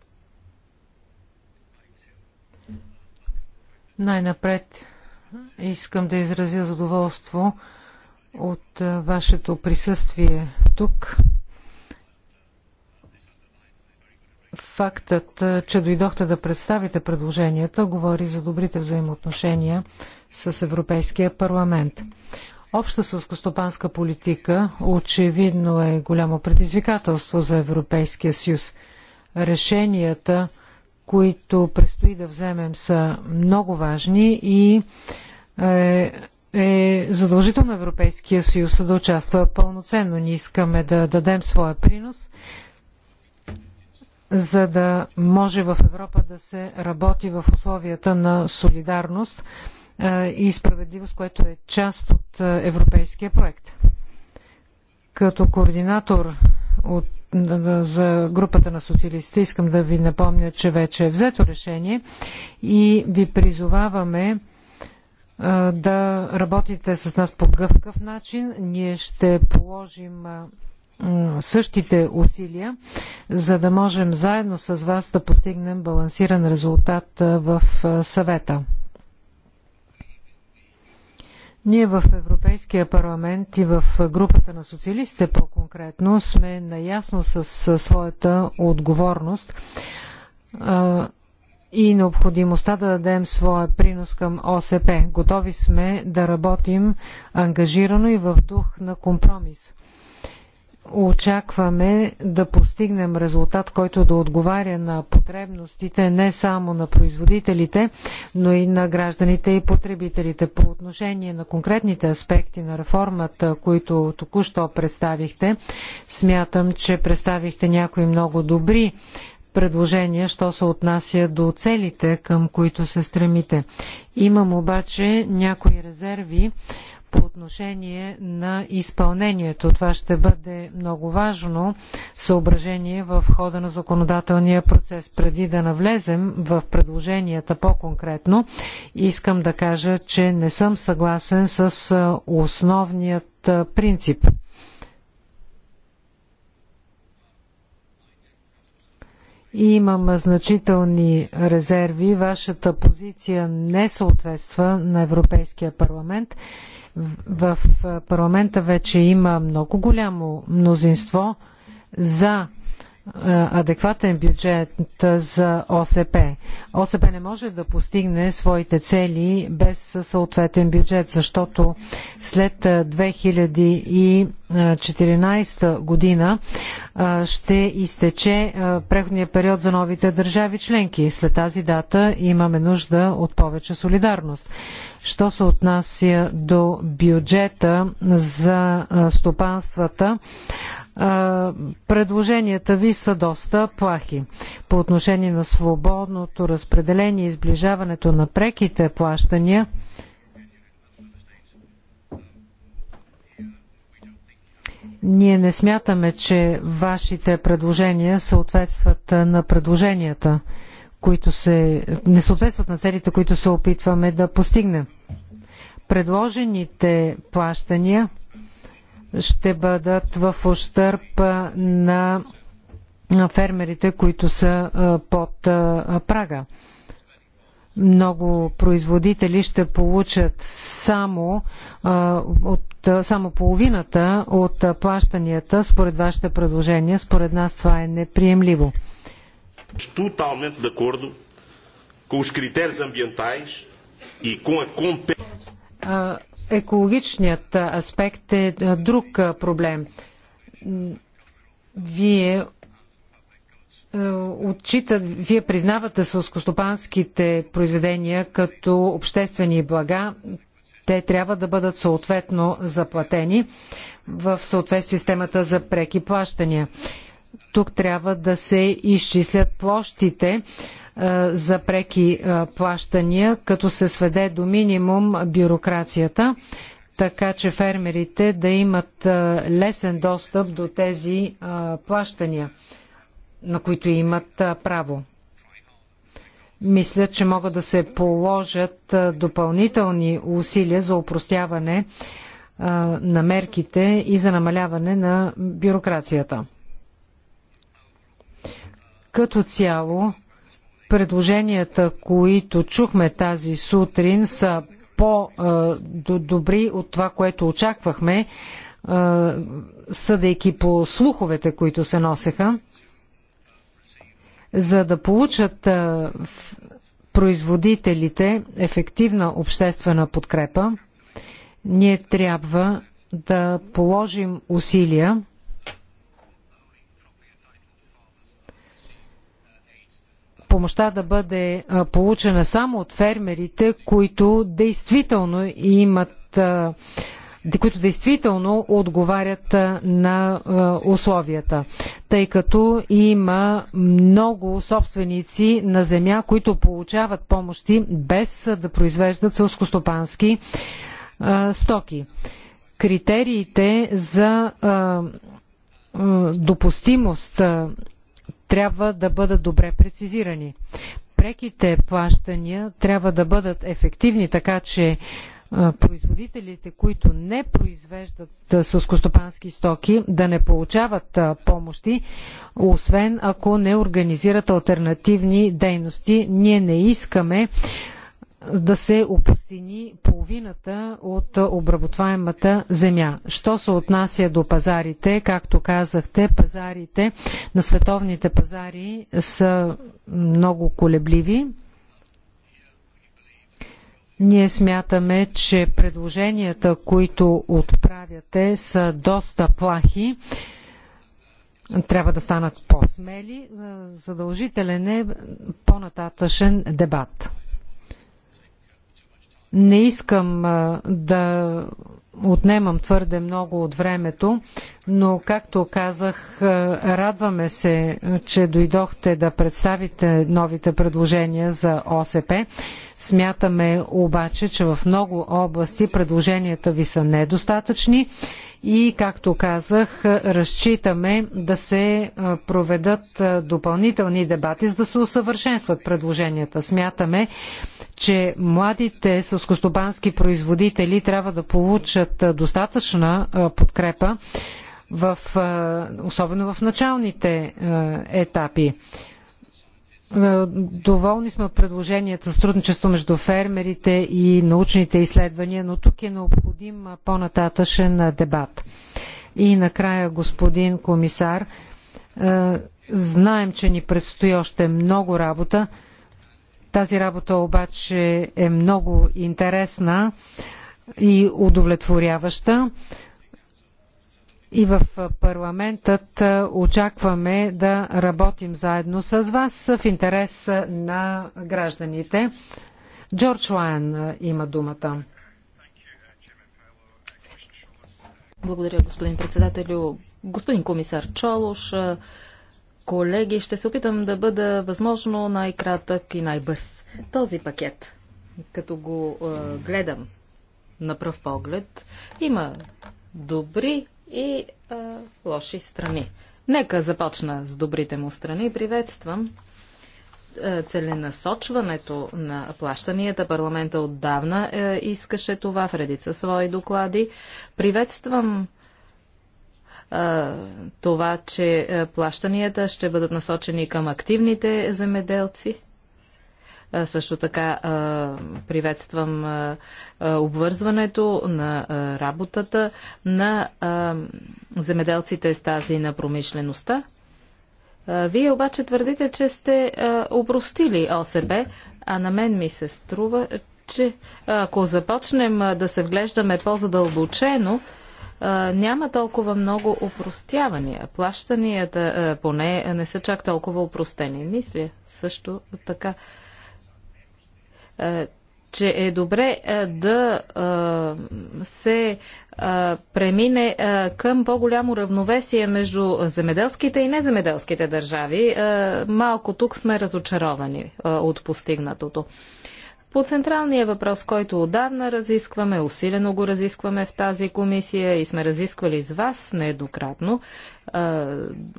Speaker 3: Най-напред искам да изразя задоволство от вашето присъствие тук Фактът, е, че дойдохте да представите предложенията, говори за добрите взаимоотношения с Европейския парламент. Обща сълскостопанска политика очевидно е голямо предизвикателство за Европейския съюз. Решенията, които предстои да вземем, са много важни и е, е задължително Европейския съюз да участва пълноценно. Ние искаме да дадем своя принос за да може в Европа да се работи в условията на солидарност е, и справедливост, което е част от е, европейския проект. Като координатор от, за групата на социалистите искам да ви напомня, че вече е взето решение и ви призоваваме е, да работите с нас по гъвкав начин. Ние ще положим същите усилия, за да можем заедно с вас да постигнем балансиран резултат в съвета. Ние в Европейския парламент и в групата на социалистите по-конкретно сме наясно с своята отговорност и необходимостта да дадем своя принос към ОСП. Готови сме да работим ангажирано и в дух на компромис очакваме да постигнем резултат, който да отговаря на потребностите не само на производителите, но и на гражданите и потребителите. По отношение на конкретните аспекти на реформата, които току-що представихте, смятам, че представихте някои много добри предложения, що се отнася до целите, към които се стремите. Имам обаче някои резерви по отношение на изпълнението. Това ще бъде много важно съображение в хода на законодателния процес. Преди да навлезем в предложенията по-конкретно, искам да кажа, че не съм съгласен с основният принцип. и имам значителни резерви. Вашата позиция не съответства на Европейския парламент в парламента вече има много голямо мнозинство за е, адекватен бюджет за ОСП. ОСП не може да постигне своите цели без съответен бюджет, защото след 2014 е, година е, ще изтече преходния период за новите държави членки. След тази дата имаме нужда от повече солидарност. Що се отнася до бюджета за стопанствата, предложенията ви са доста плахи. По отношение на свободното разпределение и сближаването на преките плащания, ние не смятаме, че вашите предложения съответстват на предложенията, които се... не съответстват на целите, които се опитваме да постигнем. Предложените плащания – ще бъдат в ущърп на фермерите, които са под прага. Много производители ще получат само, от, само половината от плащанията според вашите предложения. Според нас това е неприемливо. Uh, екологичният аспект е, е друг е, проблем. Вие е, отчитат, вие признавате сълскостопанските произведения като обществени блага. Те трябва да бъдат съответно заплатени в съответствие с темата за преки плащания. Тук трябва да се изчислят площите, е, за преки е, плащания, като се сведе до минимум бюрокрацията, така че фермерите да имат е, лесен достъп до тези плащания, на които имат право. Мисля, че могат да се положат допълнителни усилия за упростяване на мерките и за намаляване на бюрокрацията. Като цяло, предложенията, които чухме тази сутрин, са по-добри от това, което очаквахме, съдейки по слуховете, които се носеха. За да получат производителите ефективна обществена подкрепа, ние трябва да положим усилия помощта да бъде получена само от фермерите, които действително имат които действително отговарят на условията, тъй като има много собственици на земя, които получават помощи без да произвеждат сълскостопански стоки. Критериите за допустимост трябва да бъдат добре прецизирани. Преките плащания трябва да бъдат ефективни, така че производителите, които не произвеждат сълскостопански стоки, да не получават помощи, освен ако не организират альтернативни дейности. Ние не искаме да се опустини половината от обработваемата земя. Що се отнася до пазарите, както казахте, пазарите на световните пазари са много колебливи. Ние смятаме, че предложенията, които отправяте, са доста плахи. Трябва да станат по-смели. Задължителен е по нататъшен дебат. Не искам да отнемам твърде много от времето, но както казах, радваме се, че дойдохте да представите новите предложения за ОСП. Смятаме обаче, че в много области предложенията ви са недостатъчни и, както казах, разчитаме да се проведат допълнителни дебати, за да се усъвършенстват предложенията. Смятаме, че младите сълскостопански производители трябва да получат достатъчна подкрепа, в, особено в началните етапи. Е, доволни сме от предложенията за сътрудничество между фермерите и научните изследвания, но тук е необходим по-нататъшен дебат. И накрая, господин комисар, е, знаем, че ни предстои още много работа. Тази работа обаче е много интересна и удовлетворяваща и в парламентът очакваме да работим заедно с вас в интерес на гражданите. Джордж Лайан има думата.
Speaker 1: Благодаря, господин председателю. Господин комисар Чолош, колеги, ще се опитам да бъда възможно най-кратък и най-бърз. Този пакет, като го гледам на пръв поглед, има добри и а, лоши страни. Нека започна с добрите му страни. Приветствам целенасочването на плащанията. Парламента отдавна е, искаше това в редица свои доклади. Приветствам е, това, че плащанията ще бъдат насочени към активните земеделци. Също така приветствам обвързването на работата на земеделците с тази на промишлеността. Вие обаче твърдите, че сте упростили ОСБ, а на мен ми се струва, че ако започнем да се вглеждаме по-задълбочено, няма толкова много упростявания. Плащанията поне не са чак толкова упростени. Мисля също така, е, че е добре е, да е, се премине към по-голямо равновесие между земеделските и неземеделските държави. Малко тук сме разочаровани от постигнатото. По централния въпрос, който отдавна разискваме, усилено го разискваме в тази комисия и сме разисквали с вас нееднократно,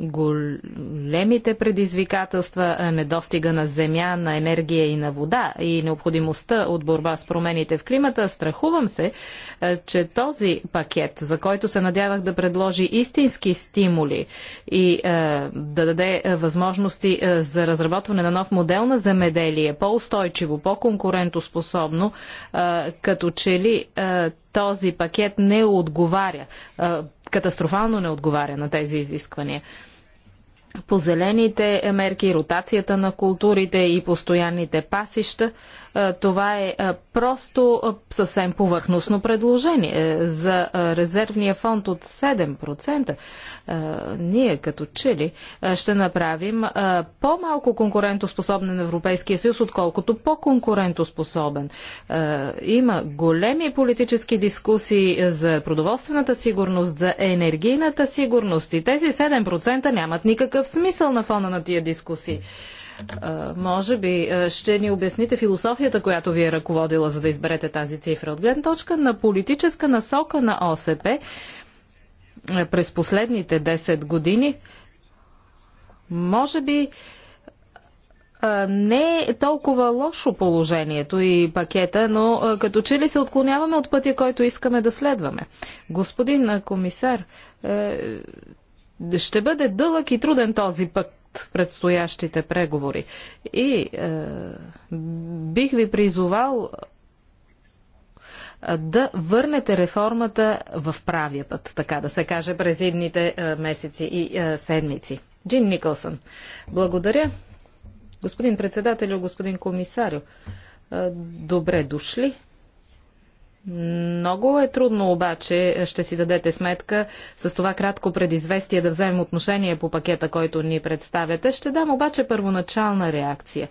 Speaker 1: големите предизвикателства, недостига на земя, на енергия и на вода и необходимостта от борба с промените в климата, страхувам се, че този пакет, за който се надявах да предложи истински стимули и да даде възможности за разработване на нов модел на земеделие, по-устойчиво, по-конкурентоспособно, като че ли този пакет не отговаря катастрофално не отговаря на тези изисквания. По зелените мерки, ротацията на културите и постоянните пасища – е, това е, е просто е, съвсем повърхностно предложение. За резервния фонд от 7% ние като че ли ще направим по-малко конкурентоспособен Европейския съюз, отколкото по-конкурентоспособен. Има големи политически дискусии за продоволствената сигурност, за енергийната сигурност и тези 7% нямат никакъв смисъл на фона на тия дискусии може би ще ни обясните философията, която ви е ръководила, за да изберете тази цифра. От гледна точка на политическа насока на ОСП през последните 10 години, може би не е толкова лошо положението и пакета, но като че ли се отклоняваме от пътя, който искаме да следваме. Господин комисар, е, ще бъде дълъг и труден този пък в предстоящите преговори. И е, бих ви призовал е, да върнете реформата в правия път, така да се каже, през едните е, месеци и е, седмици. Джин Никълсън. Благодаря. Господин председателю, господин комисарю, е, добре дошли. Много е трудно обаче, ще си дадете сметка, с това кратко предизвестие да вземем отношение по пакета, който ни представяте. Ще дам обаче първоначална реакция.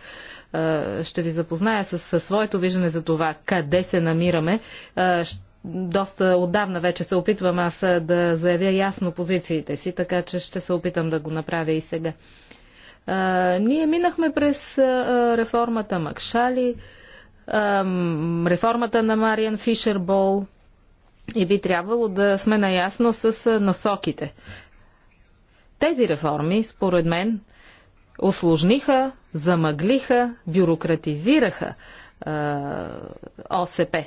Speaker 1: Ще ви запозная с, с своето виждане за това къде се намираме. Доста отдавна вече се опитвам аз да заявя ясно позициите си, така че ще се опитам да го направя и сега. Ние минахме през реформата Макшали реформата на Мариан Фишер Бол и би трябвало да сме наясно с насоките. Тези реформи, според мен, осложниха, замъглиха, бюрократизираха ОСП.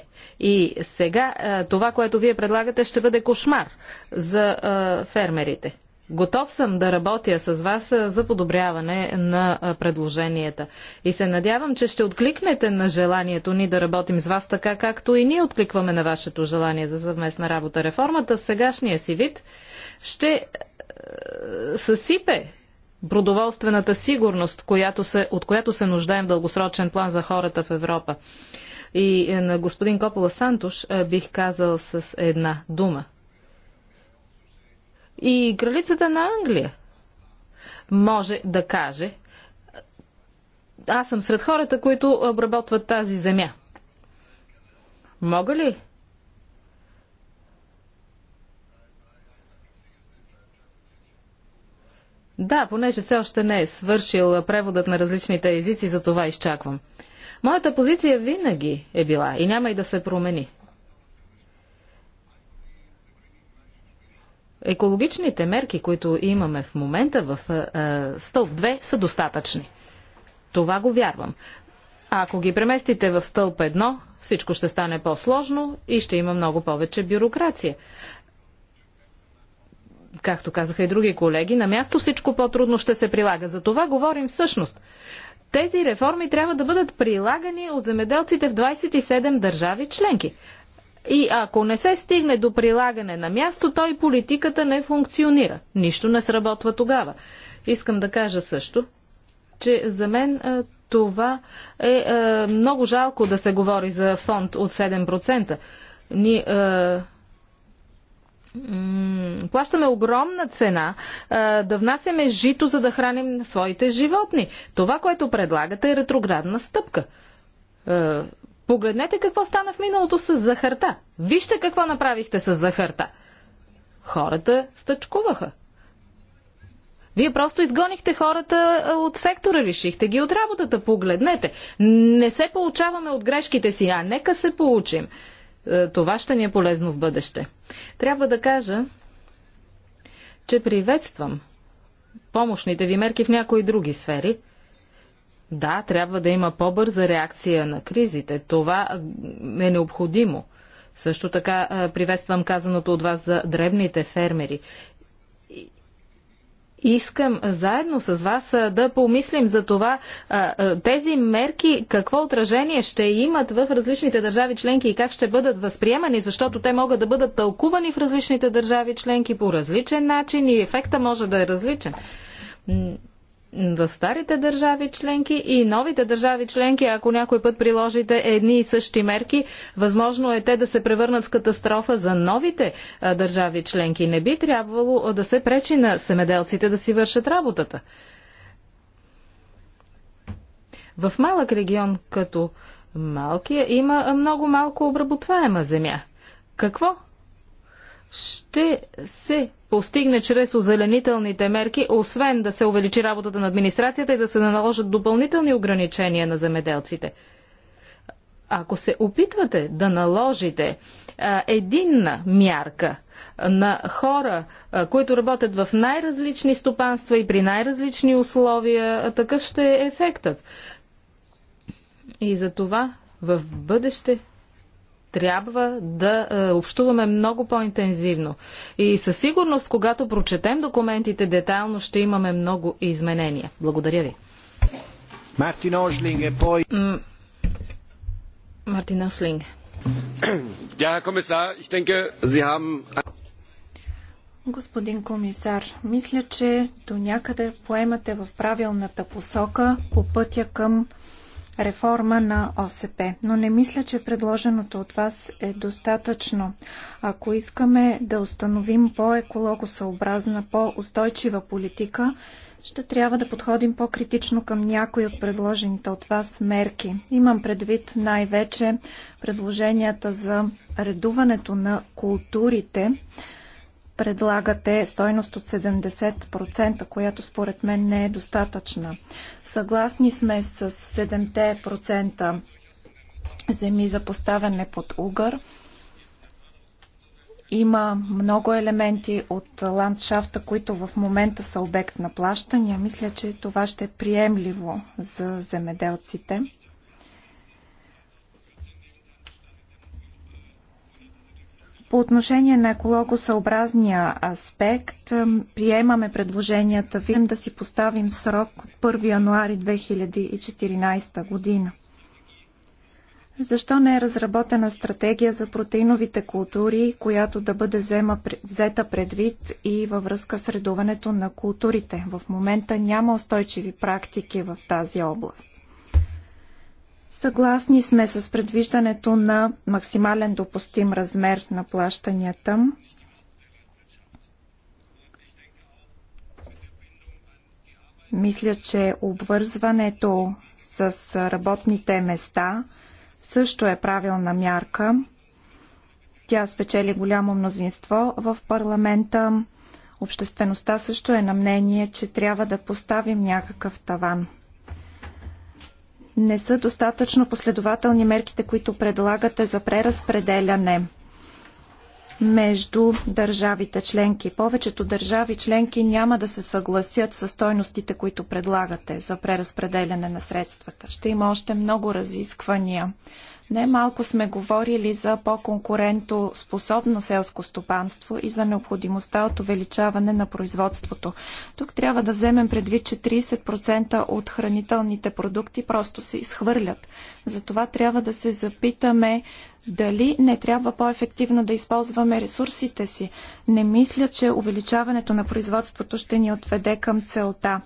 Speaker 1: И сега това, което вие предлагате, ще бъде кошмар за фермерите. Готов съм да работя с вас за подобряване на предложенията. И се надявам, че ще откликнете на желанието ни да работим с вас така, както и ние откликваме на вашето желание за съвместна работа. Реформата в сегашния си вид ще съсипе продоволствената сигурност, която се, от която се нуждаем в дългосрочен план за хората в Европа. И е, на господин Копола Сантуш бих казал с една дума. И кралицата на Англия може да каже, аз съм сред хората, които обработват тази земя. Мога ли? Да, понеже все още не е свършил преводът на различните езици, за това изчаквам. Моята позиция винаги е била и няма и да се промени. екологичните мерки, които имаме в момента в е, е, стълб 2, са достатъчни. Това го вярвам. А ако ги преместите в стълб 1, всичко ще стане по-сложно и ще има много повече бюрокрация. Както казаха и други колеги, на място всичко по-трудно ще се прилага. За това говорим всъщност. Тези реформи трябва да бъдат прилагани от земеделците в 27 държави членки. И ако не се стигне до прилагане на място, той политиката не функционира. Нищо не сработва тогава. Искам да кажа също, че за мен това е, е много жалко да се говори за фонд от 7%. Ни, е, плащаме огромна цена е, да внасяме жито, за да храним своите животни. Това, което предлагате е ретроградна стъпка. Погледнете какво стана в миналото с захарта. Вижте какво направихте с захарта. Хората стъчкуваха. Вие просто изгонихте хората от сектора, лишихте ги от работата. Погледнете. Не се получаваме от грешките си, а нека се получим. Това ще ни е полезно в бъдеще. Трябва да кажа, че приветствам помощните ви мерки в някои други сфери – да, трябва да има по-бърза реакция на кризите. Това е необходимо. Също така приветствам казаното от вас за дребните фермери. Искам заедно с вас да помислим за това тези мерки какво отражение ще имат в различните държави членки и как ще бъдат възприемани, защото те могат да бъдат тълкувани в различните държави членки по различен начин и ефекта може да е различен в старите държави членки и новите държави членки, ако някой път приложите едни и същи мерки, възможно е те да се превърнат в катастрофа за новите държави членки. Не би трябвало да се пречи на семеделците да си вършат работата. В малък регион като Малкия има много малко обработваема земя. Какво ще се постигне чрез озеленителните мерки, освен да се увеличи работата на администрацията и да се наложат допълнителни ограничения на земеделците. Ако се опитвате да наложите а, единна мярка на хора, а, които работят в най-различни стопанства и при най-различни условия, такъв ще е ефектът. И за това в бъдеще трябва да е, общуваме много по-интензивно. И със сигурност, когато прочетем документите детайлно, ще имаме много изменения. Благодаря ви.
Speaker 2: Мартин Ошлинг е пой... Мартин Ошлинг. Да, комисар, ich denke, Sie haben... Господин комисар, мисля, че до някъде поемате в правилната посока по пътя към реформа на ОСП. Но не мисля, че предложеното от вас е достатъчно. Ако искаме да установим по-екологосъобразна, по-устойчива политика, ще трябва да подходим по-критично към някои от предложените от вас мерки. Имам предвид най-вече предложенията за редуването на културите, предлагате стойност от 70%, която според мен не е достатъчна. Съгласни сме с 7% земи за поставяне под угър. Има много елементи от ландшафта, които в момента са обект на плащания. Мисля, че това ще е приемливо за земеделците. По отношение на екологосъобразния аспект, приемаме предложенията ви да си поставим срок от 1 януари 2014 година. Защо не е разработена стратегия за протеиновите култури, която да бъде взема, взета предвид и във връзка с редуването на културите? В момента няма устойчиви практики в тази област. Съгласни сме с предвиждането на максимален допустим размер на плащанията. Мисля, че обвързването с работните места също е правилна мярка. Тя спечели голямо мнозинство в парламента. Обществеността също е на мнение, че трябва да поставим някакъв таван – не са достатъчно последователни мерките, които предлагате за преразпределяне между държавите членки. Повечето държави членки няма да се съгласят с стойностите, които предлагате за преразпределяне на средствата. Ще има още много разисквания Немалко сме говорили за по-конкурентно способно селско стопанство и за необходимостта от увеличаване на производството. Тук трябва да вземем предвид, че 30% от хранителните продукти просто се изхвърлят. Затова трябва да се запитаме дали не трябва по-ефективно да използваме ресурсите си. Не мисля, че увеличаването на производството ще ни отведе към целта.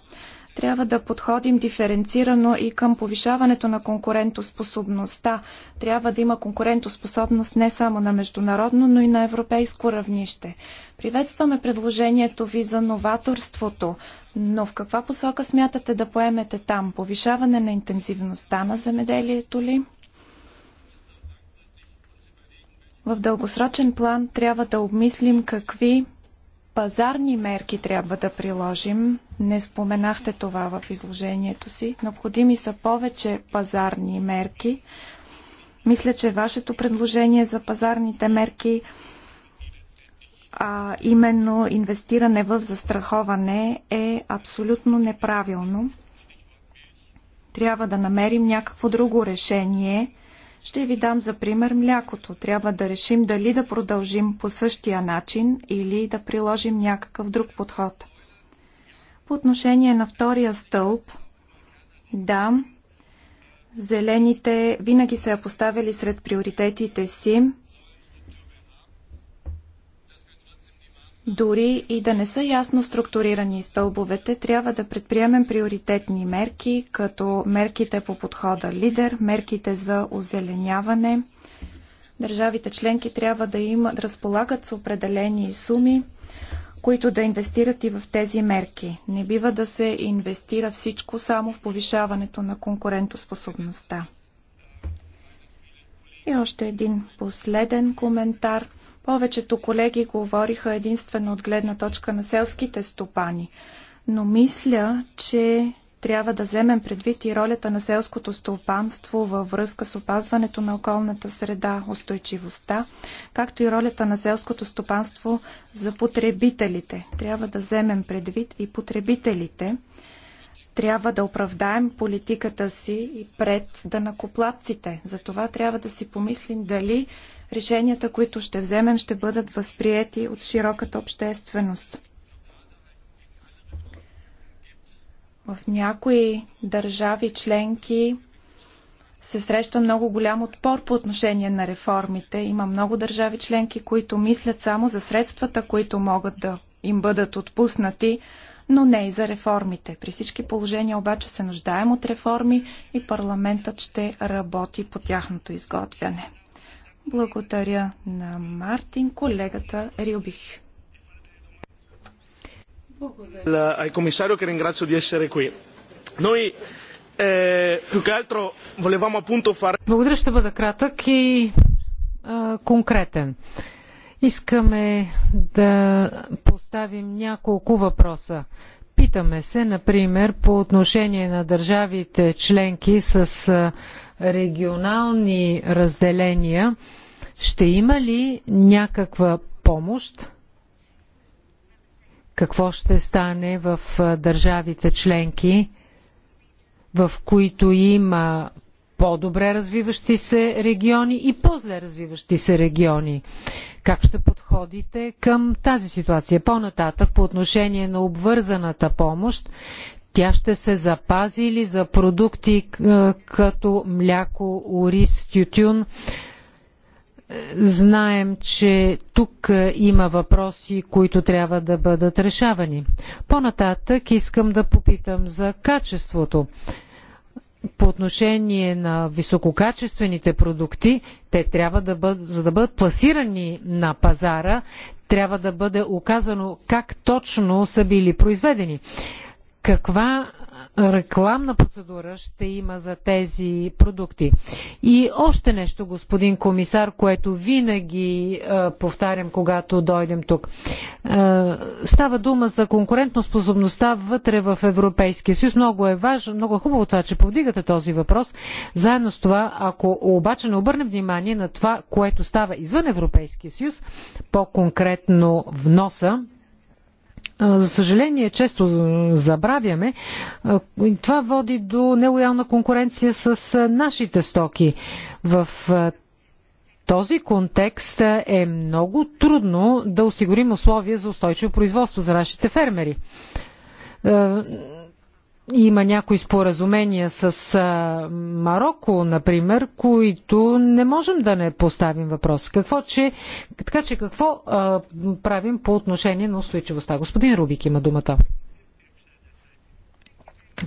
Speaker 2: Трябва да подходим диференцирано и към повишаването на конкурентоспособността. Трябва да има конкурентоспособност не само на международно, но и на европейско равнище. Приветстваме предложението ви за новаторството, но в каква посока смятате да поемете там? Повишаване на интензивността на земеделието ли? В дългосрочен план трябва да обмислим какви пазарни мерки трябва да приложим. Не споменахте това в изложението си. Необходими са повече пазарни мерки. Мисля, че вашето предложение за пазарните мерки а именно инвестиране в застраховане е абсолютно неправилно. Трябва да намерим някакво друго решение – ще ви дам за пример млякото. Трябва да решим дали да продължим по същия начин или да приложим някакъв друг подход. По отношение на втория стълб, да, зелените винаги са я поставили сред приоритетите си. Дори и да не са ясно структурирани стълбовете, трябва да предприемем приоритетни мерки, като мерките по подхода лидер, мерките за озеленяване. Държавите членки трябва да имат, да разполагат с определени суми, които да инвестират и в тези мерки. Не бива да се инвестира всичко само в повишаването на конкурентоспособността. И още един последен коментар – повечето колеги говориха единствено от гледна точка на селските стопани, но мисля, че трябва да вземем предвид и ролята на селското стопанство във връзка с опазването на околната среда, устойчивостта, както и ролята на селското стопанство за потребителите. Трябва да вземем предвид и потребителите трябва да оправдаем политиката си и пред данакоплатците. Затова трябва да си помислим дали решенията, които ще вземем, ще бъдат възприети от широката общественост. В някои държави членки се среща много голям отпор по отношение на реформите. Има много държави членки, които мислят само за средствата, които могат да им бъдат отпуснати, но не и за реформите. При всички положения обаче се нуждаем от реформи и парламентът ще работи по тяхното изготвяне. Благодаря на Мартин, колегата Рюбих.
Speaker 1: Благодаря.
Speaker 3: Благодаря, eh, ще бъда кратък и е, конкретен. Искаме да поставим няколко въпроса. Питаме се, например, по отношение на държавите членки с регионални разделения, ще има ли някаква помощ? Какво ще стане в държавите членки, в които има по-добре развиващи се региони и по-зле развиващи се региони. Как ще подходите към тази ситуация? По-нататък, по отношение на обвързаната помощ, тя ще се запази или за продукти е, като мляко, ориз, тютюн? Знаем, че тук е, има въпроси, които трябва да бъдат решавани. По-нататък искам да попитам за качеството по отношение на висококачествените продукти, те трябва да бъдат, за да бъдат пласирани на пазара, трябва да бъде оказано как точно са били произведени. Каква рекламна процедура ще има за тези продукти. И още нещо, господин комисар, което винаги е, повтарям, когато дойдем тук. Е, става дума за конкурентоспособността вътре в Европейския съюз. Много е важно, много е хубаво това, че повдигате този въпрос. Заедно с това, ако обаче не обърнем внимание на това, което става извън Европейския съюз, по-конкретно вноса, за съжаление, често забравяме. Това води до нелоялна конкуренция с нашите стоки. В този контекст е много трудно да осигурим условия за устойчиво производство за нашите фермери има някои споразумения с Марокко, например, които не можем да не поставим въпрос. Какво, че, така че какво а, правим по отношение на устойчивостта? Господин Рубик има думата.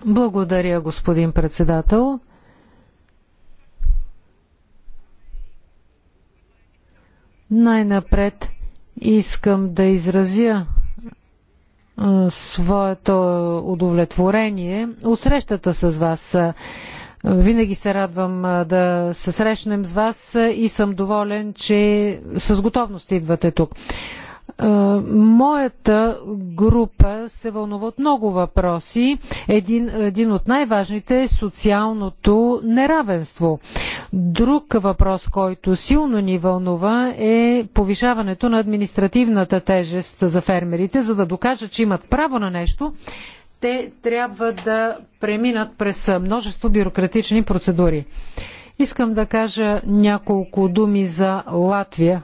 Speaker 3: Благодаря, господин председател. Най-напред искам да изразя своето удовлетворение от срещата с вас. Винаги се радвам да се срещнем с вас и съм доволен, че с готовност идвате тук. Е, моята група се вълнува от много въпроси. Един, един от най-важните е социалното неравенство. Друг въпрос, който силно ни вълнува е повишаването на административната тежест за фермерите, за да докажат, че имат право на нещо. Те трябва да преминат през множество бюрократични процедури. Искам да кажа няколко думи за Латвия.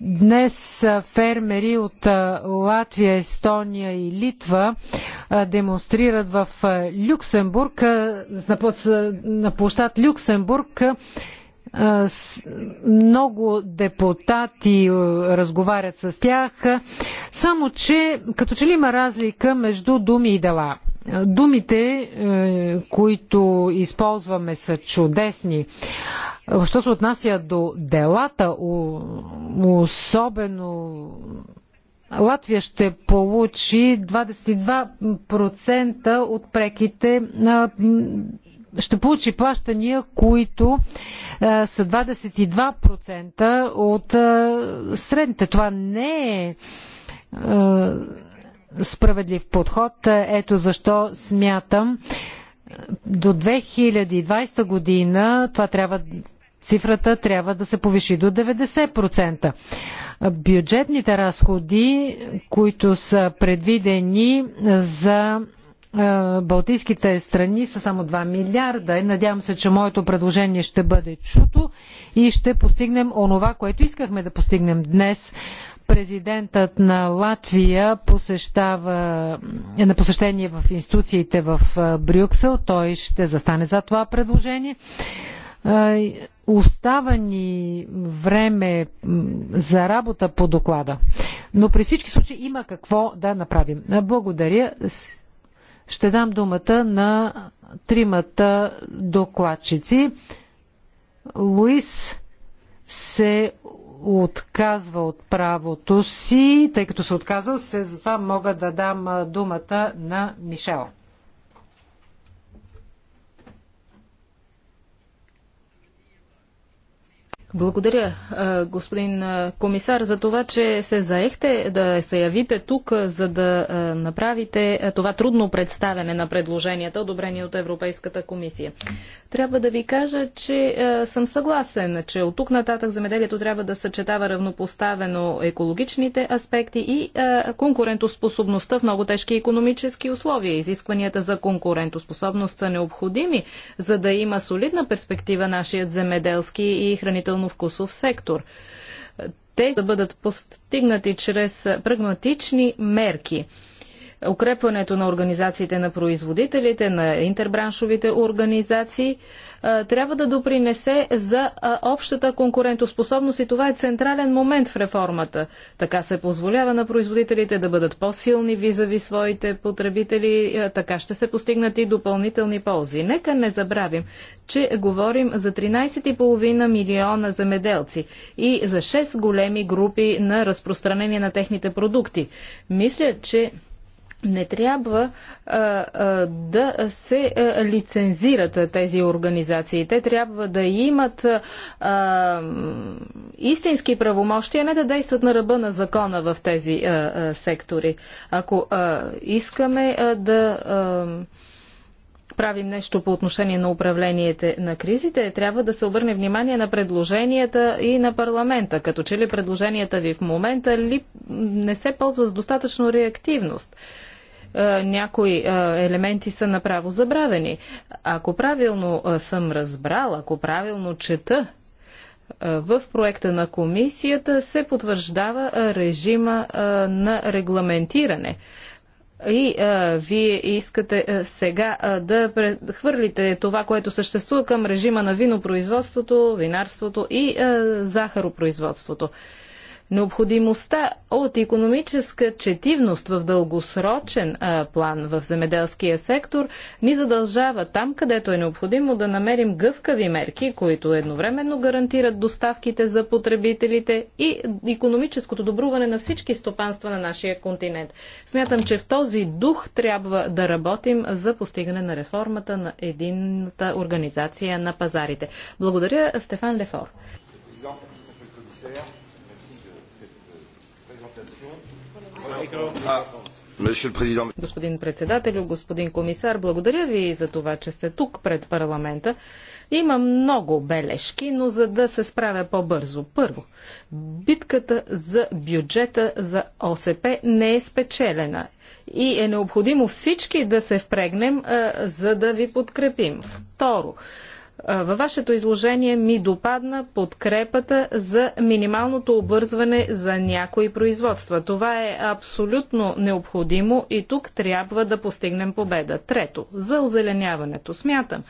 Speaker 3: Днес фермери от Латвия, Естония и Литва демонстрират в Люксембург, на площад Люксембург много депутати разговарят с тях, само че като че ли има разлика между думи и дела. Думите, е, които използваме, са чудесни. Що се отнася до делата, особено Латвия ще получи 22% от преките на ще получи плащания, които са 22% от средните. Това не е справедлив подход. Ето защо смятам до 2020 година това трябва, цифрата трябва да се повиши до 90%. Бюджетните разходи, които са предвидени за Балтийските страни са само 2 милиарда и надявам се, че моето предложение ще бъде чуто и ще постигнем онова, което искахме да постигнем днес Президентът на Латвия посещава, е на посещение в институциите в Брюксел. Той ще застане за това предложение. Остава ни време за работа по доклада. Но при всички случаи има какво да направим. Благодаря. Ще дам думата на тримата докладчици. Луис се отказва от правото си, тъй като се отказал, се затова мога да дам думата на Мишел.
Speaker 1: Благодаря, господин комисар, за това, че се заехте да се явите тук, за да направите това трудно представяне на предложенията, одобрени от Европейската комисия. Трябва да ви кажа, че съм съгласен, че от тук нататък земеделието трябва да съчетава равнопоставено екологичните аспекти и конкурентоспособността в много тежки економически условия. Изискванията за конкурентоспособност са необходими, за да има солидна перспектива нашият земеделски и хранително вкусов сектор. Те да бъдат постигнати чрез прагматични мерки укрепването на организациите на производителите, на интербраншовите организации – трябва да допринесе за общата конкурентоспособност и това е централен момент в реформата. Така се позволява на производителите да бъдат по-силни визави своите потребители, така ще се постигнат и допълнителни ползи. Нека не забравим, че говорим за 13,5 милиона замеделци и за 6 големи групи на разпространение на техните продукти. Мисля, че не трябва а, а, да се а, лицензират тези организации. Те трябва да имат а, истински правомощия, не да действат на ръба на закона в тези а, а, сектори. Ако а, искаме а, да. А, правим нещо по отношение на управлението на кризите, трябва да се обърне внимание на предложенията и на парламента. Като че ли предложенията ви в момента ли не се ползва с достатъчно реактивност? Е, някои е, елементи са направо забравени. Ако правилно е, съм разбрал, ако правилно чета в проекта на комисията се потвърждава режима на регламентиране. И а, вие искате а, сега а, да хвърлите това, което съществува към режима на винопроизводството, винарството и а, захаропроизводството. Необходимостта от економическа четивност в дългосрочен а, план в земеделския сектор ни задължава там, където е необходимо да намерим гъвкави мерки, които едновременно гарантират доставките за потребителите и економическото добруване на всички стопанства на нашия континент. Смятам, че в този дух трябва да работим за постигане на реформата на единната организация на пазарите. Благодаря, Стефан Лефор. Yeah. Господин председател, господин комисар, благодаря ви за това, че сте тук пред парламента. Има много бележки, но за да се справя по-бързо. Първо, битката за бюджета за ОСП не е спечелена и е необходимо всички да се впрегнем, а, за да ви подкрепим. Второ, във вашето изложение ми допадна подкрепата за минималното обвързване за някои производства. Това е абсолютно необходимо и тук трябва да постигнем победа. Трето, за озеленяването. Смятам,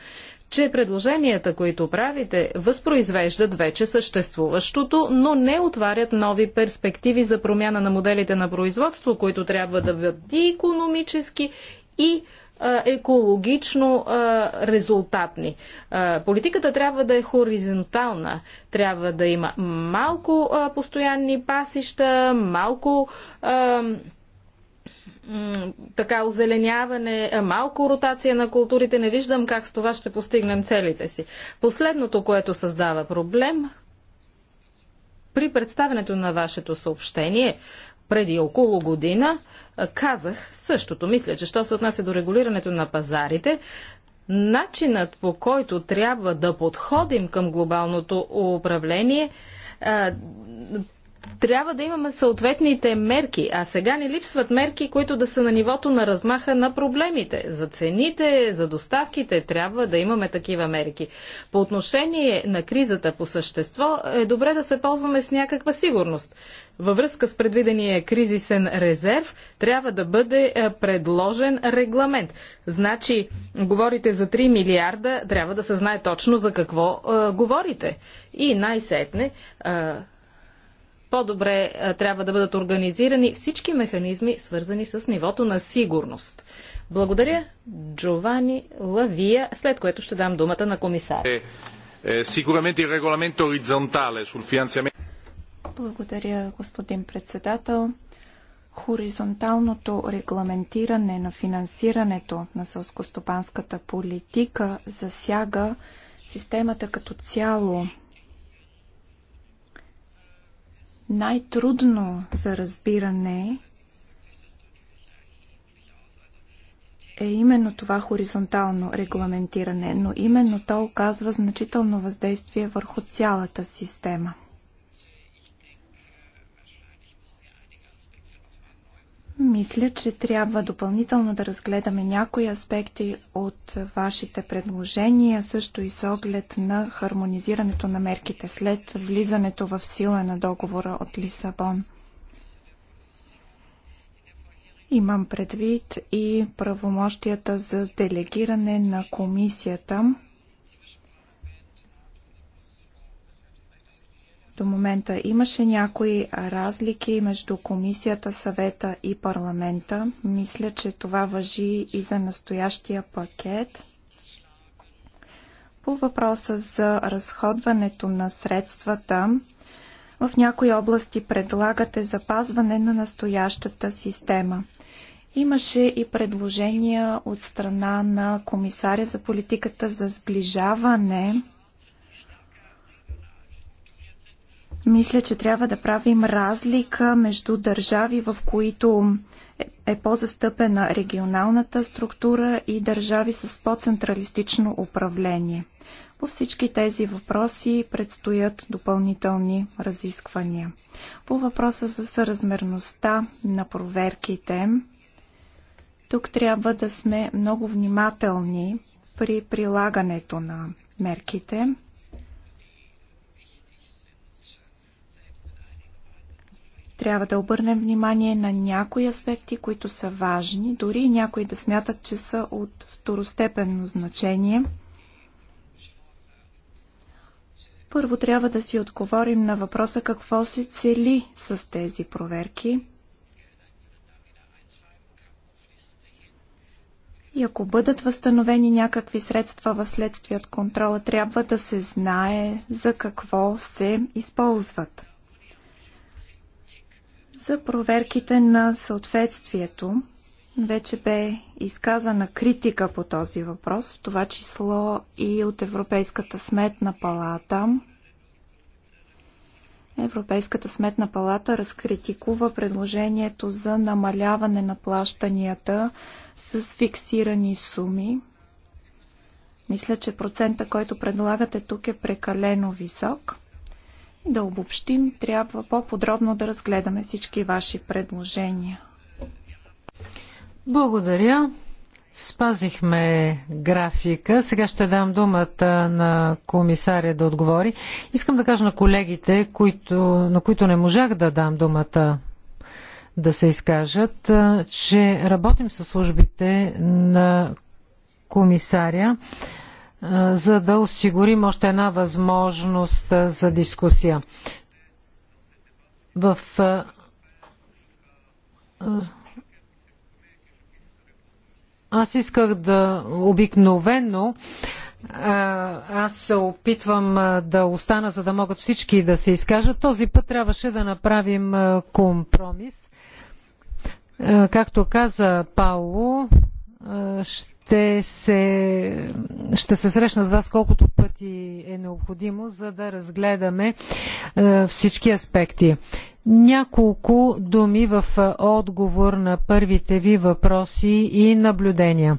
Speaker 1: че предложенията, които правите, възпроизвеждат вече съществуващото, но не отварят нови перспективи за промяна на моделите на производство, които трябва да бъдат и економически, и екологично резултатни. Политиката трябва да е хоризонтална. Трябва да има малко постоянни пасища, малко така озеленяване, малко ротация на културите. Не виждам как с това ще постигнем целите си. Последното, което създава проблем, при представенето на вашето съобщение преди около година, е, казах същото. Мисля, че що се отнася до регулирането на пазарите, начинът по който трябва да подходим към глобалното управление е, трябва да имаме съответните мерки, а сега ни липсват мерки, които да са на нивото на размаха на проблемите. За цените, за доставките трябва да имаме такива мерки. По отношение на кризата по същество е добре да се ползваме с някаква сигурност във връзка с предвидения кризисен резерв трябва да бъде е, предложен регламент. Значи, говорите за 3 милиарда, трябва да се знае точно за какво а, е, говорите. И най-сетне, е, по-добре трябва да бъдат организирани всички механизми, свързани с нивото на сигурност. Благодаря, Джовани Лавия, след което ще дам думата на комисаря.
Speaker 2: Sicuramente il благодаря, господин председател. Хоризонталното регламентиране на финансирането на сълскостопанската политика засяга системата като цяло. Най-трудно за разбиране е именно това хоризонтално регламентиране, но именно то оказва значително въздействие върху цялата система – Мисля, че трябва допълнително да разгледаме някои аспекти от вашите предложения, също и с оглед на хармонизирането на мерките след влизането в сила на договора от Лисабон. Имам предвид и правомощията за делегиране на комисията – до момента. Имаше някои разлики между комисията, съвета и парламента. Мисля, че това въжи и за настоящия пакет. По въпроса за разходването на средствата, в някои области предлагате запазване на настоящата система. Имаше и предложения от страна на комисаря за политиката за сближаване – Мисля, че трябва да правим разлика между държави, в които е, е по-застъпена регионалната структура и държави с по-централистично управление. По всички тези въпроси предстоят допълнителни разисквания. По въпроса за съразмерността на проверките, тук трябва да сме много внимателни при прилагането на мерките. Трябва да обърнем внимание на някои аспекти, които са важни, дори и някои да смятат, че са от второстепенно значение. Първо трябва да си отговорим на въпроса какво се цели с тези проверки. И ако бъдат възстановени някакви средства в следствие от контрола, трябва да се знае за какво се използват. За проверките на съответствието вече бе изказана критика по този въпрос, в това число и от Европейската сметна палата. Европейската сметна палата разкритикува предложението за намаляване на плащанията с фиксирани суми. Мисля, че процента, който предлагате тук е прекалено висок да обобщим, трябва по-подробно да разгледаме всички ваши предложения.
Speaker 3: Благодаря. Спазихме графика. Сега ще дам думата на комисаря да отговори. Искам да кажа на колегите, които, на които не можах да дам думата да се изкажат, че работим със службите на комисаря за да осигурим още една възможност за дискусия. В аз исках да обикновено аз се опитвам да остана, за да могат всички да се изкажат. Този път трябваше да направим компромис. Както каза Пауло, ще ще се, ще се срещна с вас колкото пъти е необходимо, за да разгледаме е, всички аспекти. Няколко думи в е, отговор на първите ви въпроси и наблюдения.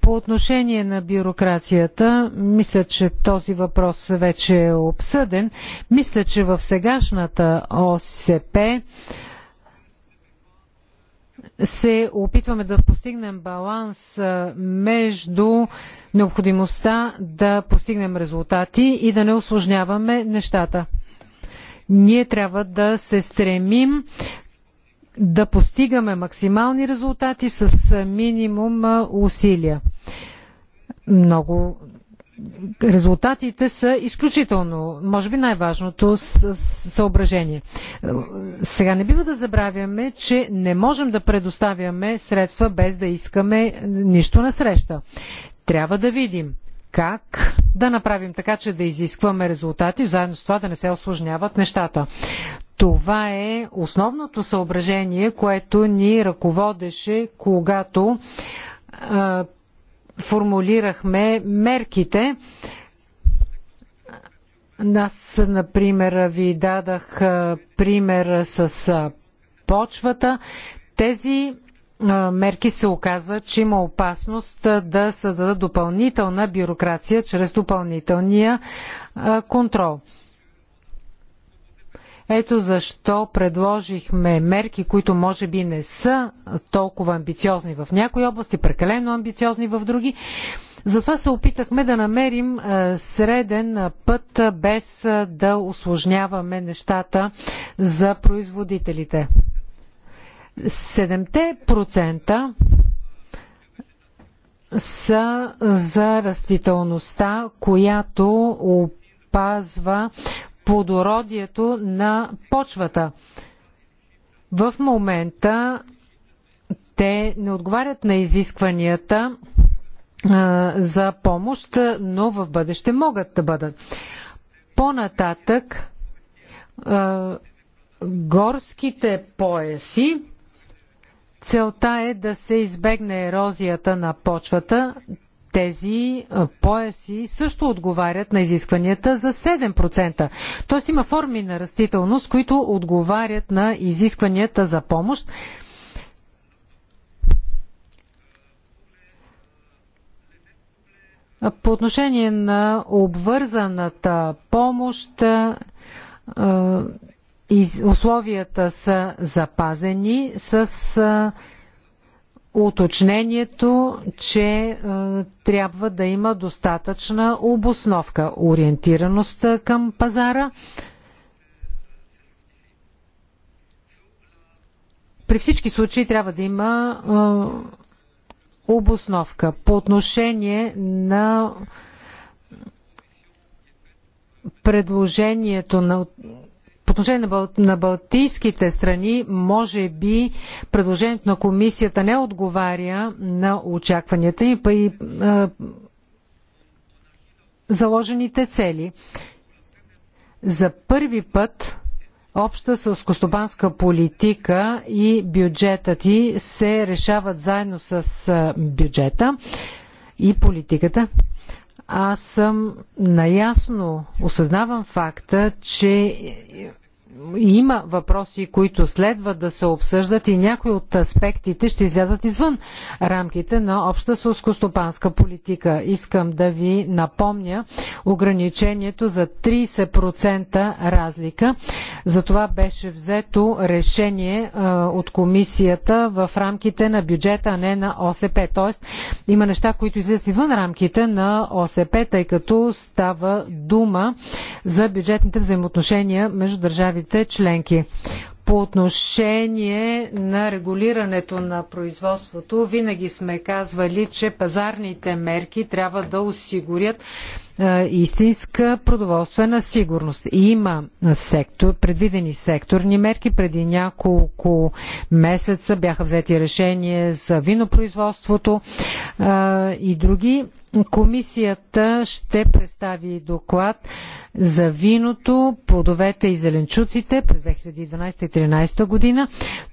Speaker 3: По отношение на бюрокрацията, мисля, че този въпрос вече е обсъден. Мисля, че в сегашната ОСП се опитваме да постигнем баланс между необходимостта да постигнем резултати и да не осложняваме нещата. Ние трябва да се стремим да постигаме максимални резултати с минимум усилия. Много резултатите са изключително, може би най-важното съображение. Сега не бива да забравяме, че не можем да предоставяме средства без да искаме нищо на среща. Трябва да видим как да направим така, че да изискваме резултати, заедно с това да не се осложняват нещата. Това е основното съображение, което ни ръководеше, когато формулирахме мерките. Аз, например, ви дадах пример с почвата. Тези мерки се оказа, че има опасност да създадат допълнителна бюрокрация чрез допълнителния контрол. Ето защо предложихме мерки, които може би не са толкова амбициозни в някои области, прекалено амбициозни в други. Затова се опитахме да намерим е, среден път, е, без е, да осложняваме нещата за производителите. 7% са за растителността, която опазва плодородието на почвата. В момента те не отговарят на изискванията за помощ, но в бъдеще могат да бъдат. По-нататък горските пояси Целта е да се избегне ерозията на почвата тези пояси също отговарят на изискванията за 7%. Тоест има форми на растителност, които отговарят на изискванията за помощ. По отношение на обвързаната помощ, условията са запазени с уточнението, че е, трябва да има достатъчна обосновка, ориентираност е, към пазара. При всички случаи трябва да има е, обосновка. По отношение на предложението на отношение на, Бал... на балтийските страни, може би предложението на комисията не отговаря на очакванията и, и заложените цели. За първи път обща селскостопанска политика и бюджетът ти се решават заедно с бюджета и политиката. Аз съм наясно, осъзнавам факта, че има въпроси, които следва да се обсъждат и някои от аспектите ще излязат извън рамките на обща сълскостопанска политика. Искам да ви напомня ограничението за 30% разлика. За това беше взето решение е, от комисията в рамките на бюджета, а не на ОСП. Тоест има неща, които излизат извън рамките на ОСП, тъй като става дума за бюджетните взаимоотношения между държавите държавите членки. По отношение на регулирането на производството, винаги сме казвали, че пазарните мерки трябва да осигурят е, истинска продоволствена сигурност. Има сектор, предвидени секторни мерки. Преди няколко месеца бяха взети решения за винопроизводството а, е, и други. Комисията ще представи доклад за виното, плодовете и зеленчуците през 2012-2013 година.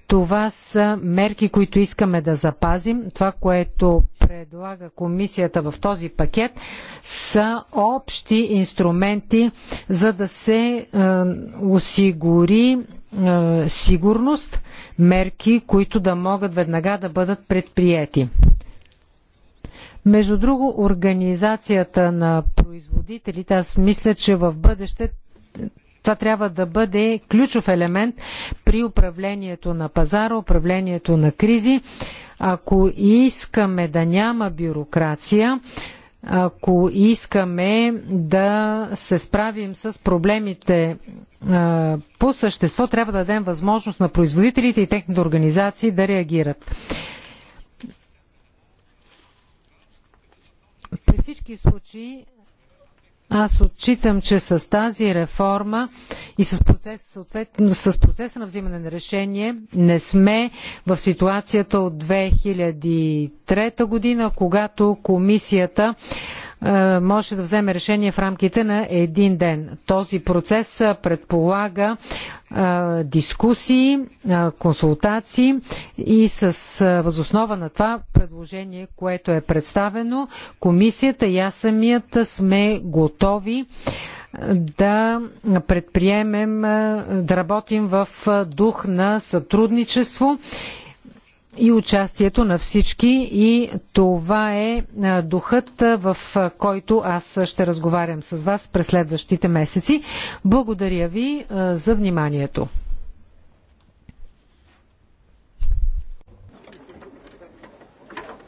Speaker 3: Това са мерки, които искаме да запазим. Това, което предлага комисията в този пакет, са общи инструменти, за да се е, осигури е, сигурност, мерки, които да могат веднага да бъдат предприяти. Между друго, организацията на производителите, аз мисля, че в бъдеще това трябва да бъде ключов елемент при управлението на пазара, управлението на кризи. Ако искаме да няма бюрокрация, ако искаме да се справим с проблемите по същество, трябва да дадем възможност на производителите и техните организации да реагират. При всички случаи аз отчитам, че с тази реформа и с, процес, с процеса на взимане на решение не сме в ситуацията от 2003 година, когато комисията е, може да вземе решение в рамките на един ден. Този процес е, предполага е, дискусии, консултации и с възоснова на това предложение, което е представено, комисията и аз самият сме готови да предприемем, да работим в дух на сътрудничество и участието на всички и това е духът, в който аз ще разговарям с вас през следващите месеци. Благодаря ви за вниманието.